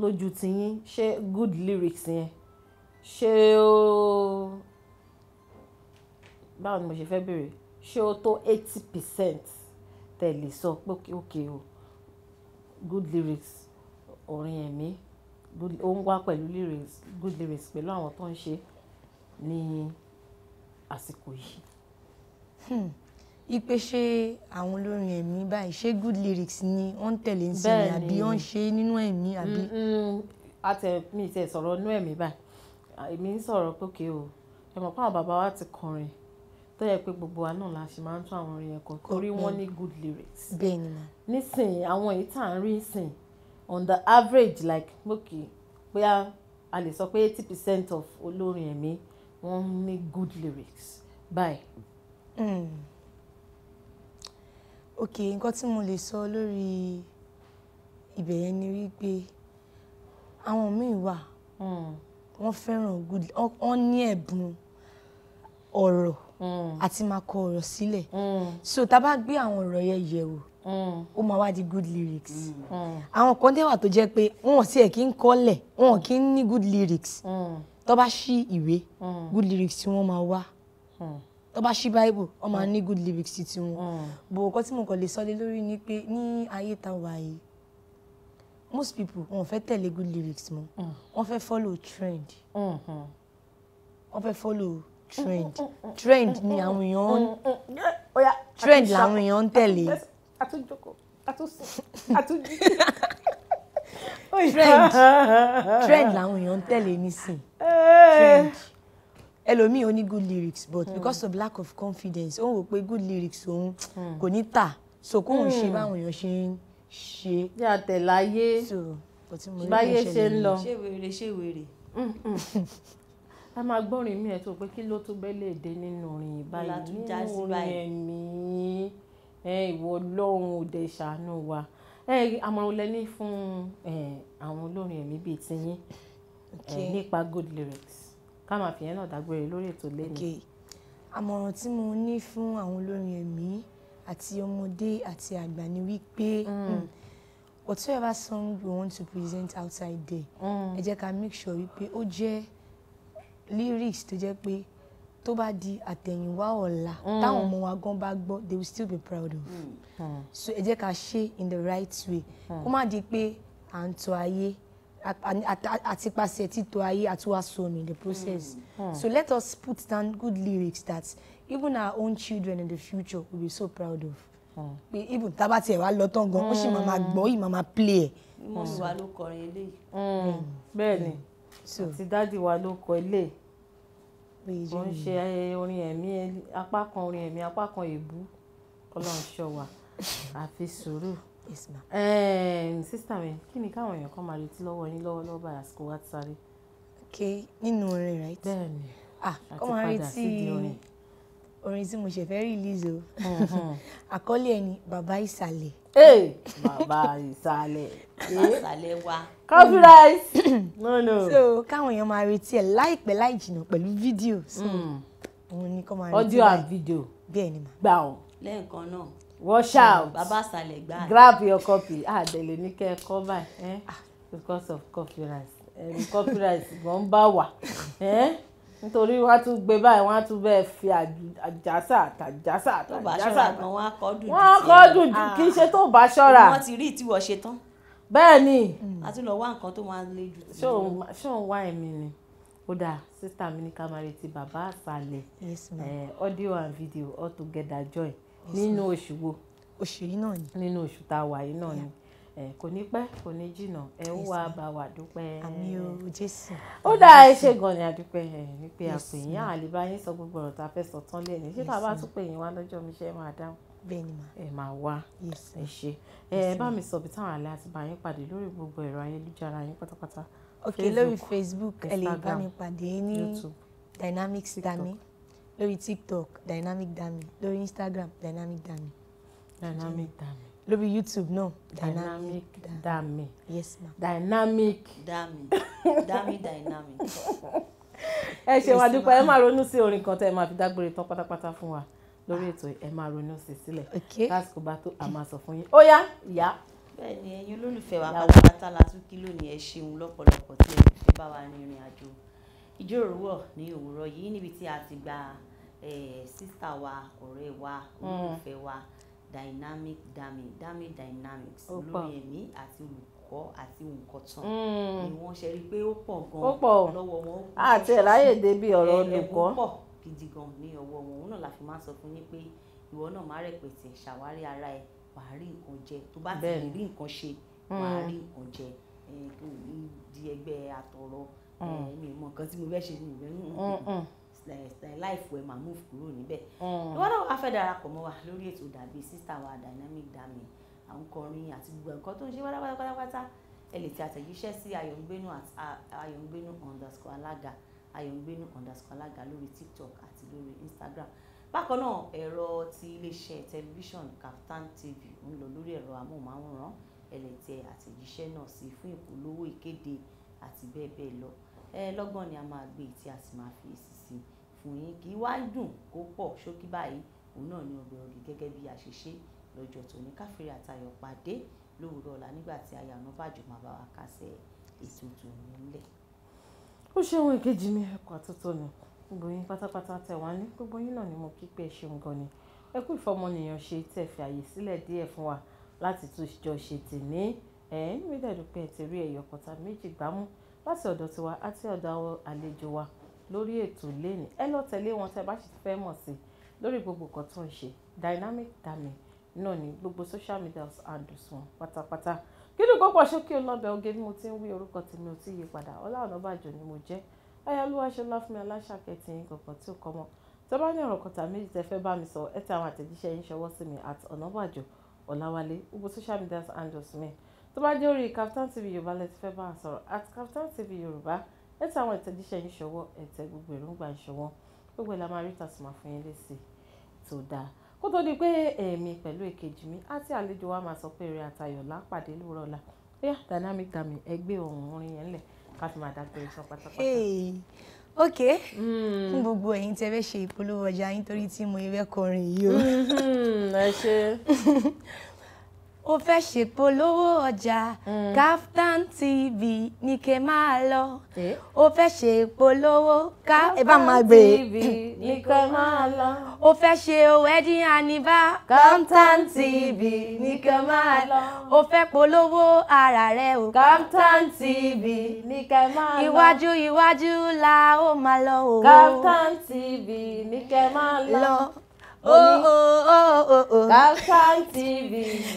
Lójú ti ṣé good lyrics yẹn, ṣé ó báwo ni mo ṣe fẹ́ bèèrè? Ṣé ó tó eighty percent tẹ lè sọ pé okay o, good lyrics orin ẹ̀mí ó ń wá pẹ̀lú lyrics good lyrics pẹ̀lú àwọn tó ń ṣe ní àsìkò yìí. Hmm. ipe ṣe àwọn olórin ẹ̀mí báyìí ṣé good lyrics ni wọ́n ń tẹ̀lé ń sinmi àbí wọ́n ń ṣe nínú ẹ̀mí àbí. Mm, mm. mi ti ẹ̀ sọ̀rọ̀ nínú ẹ̀mí báyìí èmi ń sọ̀rọ̀ pókè o ẹ mọ̀ pé àwọn bàbá wa ti kọrin tó yẹ pé gbogbo wa náà la ṣe máa ń tún àwọn orin yẹn kọ torí wọ́n mm-hmm. ní good lyrics. bẹ́ẹ̀ ni ma. nísìnyí àwọn èyí tá à ń rí sìn on the average like okay bóyá a lè sọ pé eighty percent of olórin ẹ̀mí wọ́n ní good lyrics báyìí. Mm. ok nǹkan tí mo lè sọ lórí ibẹ̀ yẹn ni wípé àwọn míì wà hmm. wọ́n fẹ́ràn good wọ́n ní ẹ̀bùn ọ̀rọ̀ hmm. àti máa kọ ọ̀rọ̀ sílẹ̀ hmm. so tá a bá gbé àwọn ọ̀rọ̀ yẹn yẹ̀ ó máa wá di good lyrics mm. àwọn kan dẹ́wà tó jẹ́ pé wọn sì ẹ̀ kí ń kọ́lẹ̀ wọn kì í ní good lyrics mm. tó bá ṣí ìwé mm. good lyrics tí wọ́n máa wá tó bá ṣí bible wọ́n máa ní good lyrics tí wọ́n bò ọkọ tí mo kàn lè sọlé lórí ni pé ní ayé tá a wà yìí most people wọ́n fẹ́ tẹ̀lé good lyrics mọ́ wọ́n fẹ́ follow trend mm-hmm. wọ́n fẹ́ follow trend mm-hmm. trend ni àwọn èèyàn mm-hmm. trend làwọn èèyàn ń tẹ̀lé àtúnjókòó àtúnsùn àtúnjí. trend trend làwọn èèyàn ń tẹ̀lé nísìn eh. trend ẹlòmíì ó ní good lyrics but mm. because of lack of confidence òun wò pé good lyrics òun hmm. kò ní tà so kóun ṣe hmm. báwọn èèyàn ṣe ń ṣe. bí a tẹ̀ láyé báyé ṣe ń lọ ṣé wèrè ṣé wèrè hmm, *laughs* a máa gbọ́rin mi ẹ̀ tó pé kí ló tún bẹ́ẹ̀ lè dé nínú orin báyìí nínú orin ẹ̀mí ìwọ ọlọ́run ò dẹ̀ ṣàánú wa àmọ̀ràn lẹ ní fún àwọn olórin ẹ̀mí bíi tiyín nípa good lyrics ká máa fi yẹn náà dágbére lórí ètò lẹ́nu. àmọ̀ràn tí mo ní fún àwọn olórin ẹ̀mí àti ọmọdé àti àgbà ni wípé mm. hmm, whatever song we want to present outside there mm. ẹ jẹ́ ká make sure wípé ó jẹ́ lyrics tó jẹ́ pé tó bá di àtẹ̀yìnwá ọ̀la mm. táwọn ọmọ wa gan bá gbọ́ they will still be proud of mm. hmm. so ẹ jẹ́ ká ṣe in the right way hmm. kó má di pé à ń tọ́ ayé àti pàṣẹ títọ́ ayé àti wá sọnù in the process mm. so let us put down good lyrics that even our own children in the future will be so proud of pé even tá a bá tiẹ̀ wá lọ tán gan ó sì máa máa gbọ́ yìí máa máa play ẹ̀. mọ́mí wa ló kọrin eléyìí. bẹ́ẹ̀ ni àti dádì wa ló kọ eléyìí ó ń ṣe orin ẹ̀mí apá kan orin ẹ̀mí apá kan èébú ọlọ́run ṣọ́ wa àfi sùúrù sísítà mi kí ni káwọn èèyàn kan máa retí lọ́wọ́ yín lọ́wọ́lọ́wọ́ báyìí àsìkò wa ti sáré. ok nínú orin right. bẹ́ẹ̀ni àti ah, padà sí di orin orin tí mo ṣe fẹ́ release o *laughs* àkọlé ẹni bàbá ìsàlẹ̀. ee bàbá ìsàlẹ̀ *laughs* ìsàlẹ̀ wa. copyright *laughs* no no. so káwọn èèyàn máa retí ẹ láìpẹ́ láì jìnnà pẹ̀lú fídíò hmm. òun ni kò máa retí audio and video bẹ́ẹ̀ ni mà. gbà ọ. lẹ́ẹ̀kan náà wash out bàbá ìsàlẹ̀ gbà. grab your copy àdèlè ní kẹ́ ẹ kọ́ báyìí eh? ah. because of copyright copyright gan bá wà. Eh? nítorí wọn á tún gbé báyìí wọn á tún bẹ́ẹ̀ fi àjàsà àtàjàsà àtàjàsà tó bá ṣọ́ra gan wọn á kọ́ dùn jù wọn á kọ́ dùn jù kì í ṣe tó bá ṣọ́ra wọn ti rí ìtiwọ̀ ṣe tán. bẹ́ẹ̀ ni. a tún lọ wá nǹkan tó máa le jù. ṣé òun wá èmi ni ó dáa sísá mi ní kámárì ti bàbá àṣàlẹ̀ audio and video all together joy nínú oṣù wo oṣù yìí náà ni nínú oṣù tá a wà yìí náà ni kò ní pẹ́ kò ní jìnnà ẹ ó wá bá wa dúpẹ́. àmì o jésù. ó dá ẹ ṣe gan ni àdúpẹ́ ẹ ní pé àpèyàn àlebá yín sọ gbogbo ọ̀rọ̀ tá a fẹ́ sọ tán lẹ́yìn ṣé tá a bá tún pè yín wá lọ́jọ́ mi ṣe é máa dáhùn bẹ́ẹ̀ni ma ẹ máa wá ẹ ṣe ẹ bá mi sọ bí táwọn àlẹ àti bá yín pàdé lórí gbogbo ẹ̀rọ ayélujára yín pátápátá. ok lórí facebook ẹ lè bá mi pàdé ní dynamics dami lórí tiktok dynamic dami lórí instagram dynamic dami. dynamic dami lórí youtube náà. dynamic dami. yes ma. dynamic. dami *laughs* dami dynamic. ẹ ṣe wá dúpẹ́ ẹ máa ronú sí orin kan tẹ́ ẹ máa fi dágbére tán pátápátá fún wa lórí ètò ẹ máa ronú sí sílẹ̀ lásìkò bá tó a máa sọ fún yín ó yá ìyá bẹ́ẹ̀ni ẹ̀yin olólùfẹ́ wa pátápátá la tún kí ẹ ṣeun lọ́pọ̀lọpọ̀ tí ẹ fi bá wa rin ìrìn àjò ìjíròrò ní òwúrọ̀ yìí níbi tí a ti gba eh, sísà wa ọ̀rẹ́ wa mm. olólùfẹ́ wa. Mm dynamic dami dami dynamics lórí ẹ̀mí àti olùkọ́ àti òǹkọ̀tàn hmm. ni wọ́n ṣe rí i pé ó pọ̀ gan-an lọ́wọ́ wọn ó kú àti ẹ̀ láyè débi ọ̀rọ̀ olùkọ́ ẹ̀ẹ́dẹ̀gbọ́n pọ̀ gidi gan ní ọwọ́ wọn òun náà la fi máa sọ fún yín pé ìwọ náà má rẹpẹtẹ ṣàwárí ara ẹ wàá rí nǹkan jẹ tó bá ti rí nǹkan ṣe wàá hmm. rí nǹkan jẹ di ẹgbẹ́ àtọ̀rọ̀ hmm. mi mọ̀ nǹkan tí mo fẹ́ ṣe mi ò fẹ́ láìfọ ẹ máa move kúrò níbẹ̀ mm. ìwọ náà wàá fẹ́ darapọ̀ mọ́ wa lórí ètò dàbí sísá wa dynamic dami à ń kọrin àti gbogbo nǹkan tó ń ṣe wáyé pátápátá ẹ lè ti àtẹ̀jíṣẹ́ sí ayọ̀ngbénu ayọ̀ngbénu underscore alága ayọ̀ngbénu underscore alága lórí tiktok àti lórí instagram bákan náà ẹ̀rọ ti iléeṣẹ́ tẹlifíṣàn Kaftan TV ń lọ lórí ẹ̀rọ amóhùnmáwòrán ẹ lè tẹ àtẹ̀jíṣẹ́ náà sí fún ìpolówó ìkéde àti bẹ́ẹ̀ bẹ́ẹ̀ lọ ẹ lọ́gán ni a máa gbé tí a sì máa fi èsì fún yín kì í wá dùn kó pọ̀ ṣókí báyìí òun náà ni ọbẹ̀ ògì gẹ́gẹ́ bí a ṣe ṣe lọ́jọ́ tòní káfíńrì àtayọ̀ pàdé lówùrọ̀ ọ̀la nígbà tí aya Ọ̀nàbàjọ́ máa bá wa kásẹ̀ ètò tòní ńlẹ̀. ó ṣeun ìkejì mi ẹ̀kọ́ àtúntò ni gbogbo yín pátápátá tẹ̀ wá ní gbogbo yín náà ni mo kí pé ẹ ṣeun gan ni ẹ kú ìfọmọnìyàn ṣe tẹ̀ fi àyè sílẹ̀ díẹ̀ fún wa láti tún jọ ṣe tèmi ẹ̀ ẹ́ níbi dẹ̀dùn pé ẹ ti rí ẹ̀yọ̀kọ̀ta méjì gbámú láti ọ̀dọ̀ tiwa àti ọ̀dọ̀ àlejò wa lórí ètò lẹ́nu ẹ lọ tẹ̀lé wọn tẹ́ bá sì fẹ́ mọ̀ sí lórí gbogbo nǹkan tó ń ṣe dynamic damning náà ní gbogbo social media handles wọn pátápátá kí ló gbọ́pọ̀ sókè ọlọ́bẹ̀ oge ni mo ti ń wí orúkọ tèmi ò tí yí padà Ọlá Ọ̀nàbàjọ́ ni mo jẹ́ ayálúwa ṣọlá fún mi aláṣàkẹ́ tí yín kankan tí ó kọ́ mọ́ tó bá ní ọ̀rọ̀ kọta méjì tẹ́ fẹ́ bá mi sọ ẹ tẹ àwọn àtẹ̀jíṣẹ́ yín ṣọwọ́ sí mi at Ọ̀nàbàjọ́ Ọ̀làwálé gbogbo social media handles mi tó bá jẹ́ orí Kaftan TV Yorùbá lẹ fẹ́ bá a sọ̀rọ̀ at Kaftan TV Yorùbá ẹ tẹ àwọn ìtẹ̀jíṣẹ́ yín ṣọwọ́ ẹ gbogbo èròǹgbà yín gbogbo ẹ̀ máa rí tàṣùmọ̀ fún yín lésì tó dáa kó tó di pé èmi pẹ̀lú èkejì mi àti àlejò wa máa sọ pé eré àtayọ̀ lápàdé lóòrọ̀ bóyá dynamic dami ẹgbẹ́ ohun orin yẹn lẹ̀ ká fi máa dágbére sọ pátápátá. ok hmm. fún gbogbo ẹ̀yin tẹ́ fẹ́ ṣe ìpolówó ọjà yín torí tí mo fẹ́ kọrin yìí o. Hmm, ẹ ṣe. *laughs* ó fẹ́ ṣèpolówó ọjà mm. Kaftan TV ni kẹ́ máa lọ ó fẹ́ ṣèpolówó Kaftan TV ni kẹ́ máa lọ ó fẹ́ ṣe wedding aniva, Kaftan TV ni kẹ́ máa lọ ó fẹ́ polówó ara rẹ o Kaftan TV ni kẹ́ máa lọ iwájú iwájú la ó máa lọ o Kaftan TV ni kẹ́ máa lọ. Kaftan oh, oh, oh, TV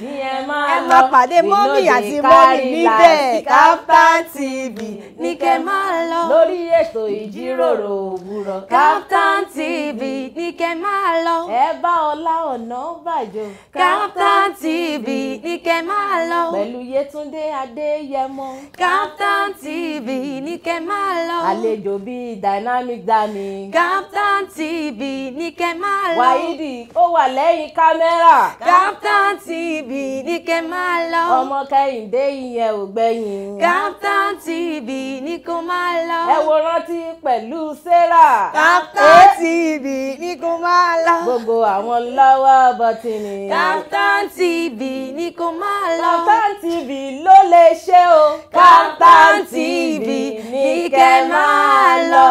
ni ẹ máa lọ ẹ máa pàdé mọ́mì àti mọ́mì níbẹ̀ Kaftan TV ni kẹ máa lọ lórí ètò ìjíròrò òwúrọ̀ Kaftan TV ni kẹ máa lọ ẹ bá Ọlá Ọ̀nàbàjọ Kaftan TV ni kẹ máa lọ pẹ̀lú Yétúndé Adéyẹmọ Kaftan TV ni kẹ máa lọ àlejò bíi dynamic dami Kaftan TV ni kẹ máa lọ wáyé ó wà lẹ́yìn kámẹ́rà. Kaftan TV ní kẹ́ máa lọ. ọmọ kẹ́hìndé ìyẹn ò gbẹ̀yìn. Kaftan TV ní kó máa lọ. ẹ wo rántí pẹ̀lú sarah. Kaftan TV ní kó máa lọ. gbogbo àwọn lọ́wọ́ bọ́tìnì. Kaftan TV ní kó máa lọ. Kaftan TV ló lè ṣe o. Captain TV ní kẹ́ máa lọ.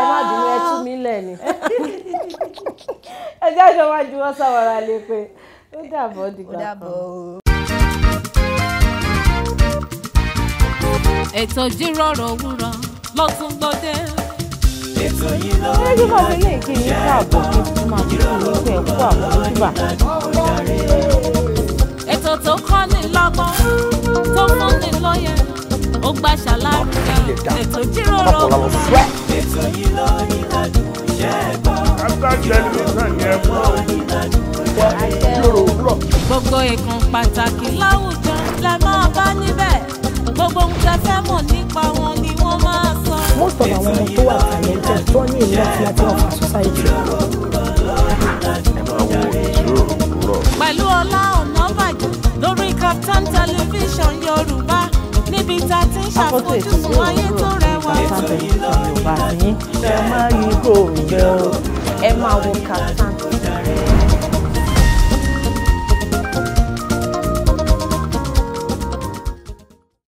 ẹ má bínú ẹ tú mi lẹ̀ ni. *laughs* ẹ jẹ́ àjọ máa ju wọ́n sáwọ́ra lè pé ó dàbọ̀ dìgbà kan. ètò ìjíròrò òwúrọ̀ ló tún gbòde. ètò yìí ló ń yọ ọ́ ilé ìkíni káàbọ̀ kí wọ́n máa fi ìlú ẹ̀ kú àbúrúbà. ètò tó kọ́ lọ́gbọ́n tó fún ni ó gbà ṣàlàyé ètò ìjíròrò ètò yìí ló ń yọ ọ́ kápá tẹlifíṣàn yẹn gbogbo nǹkan pàtàkì láwùjọ la máa bá níbẹ̀ gbogbo ohun tẹ́ mọ̀ nípa wọn ni wọ́n máa sọ. most of àwọn ọmọ tó wà talented tó ní ìlú àti àti ọ̀fà society. pẹ̀lú Ọlá Ọ̀nàbàjọ lórí Kaftan television Yorùbá níbi tá a ti ń ṣàfojúsùn ayé tó rẹwà. ẹ máa yí kò ń jẹ́ o ẹ máa wo kàtàkì.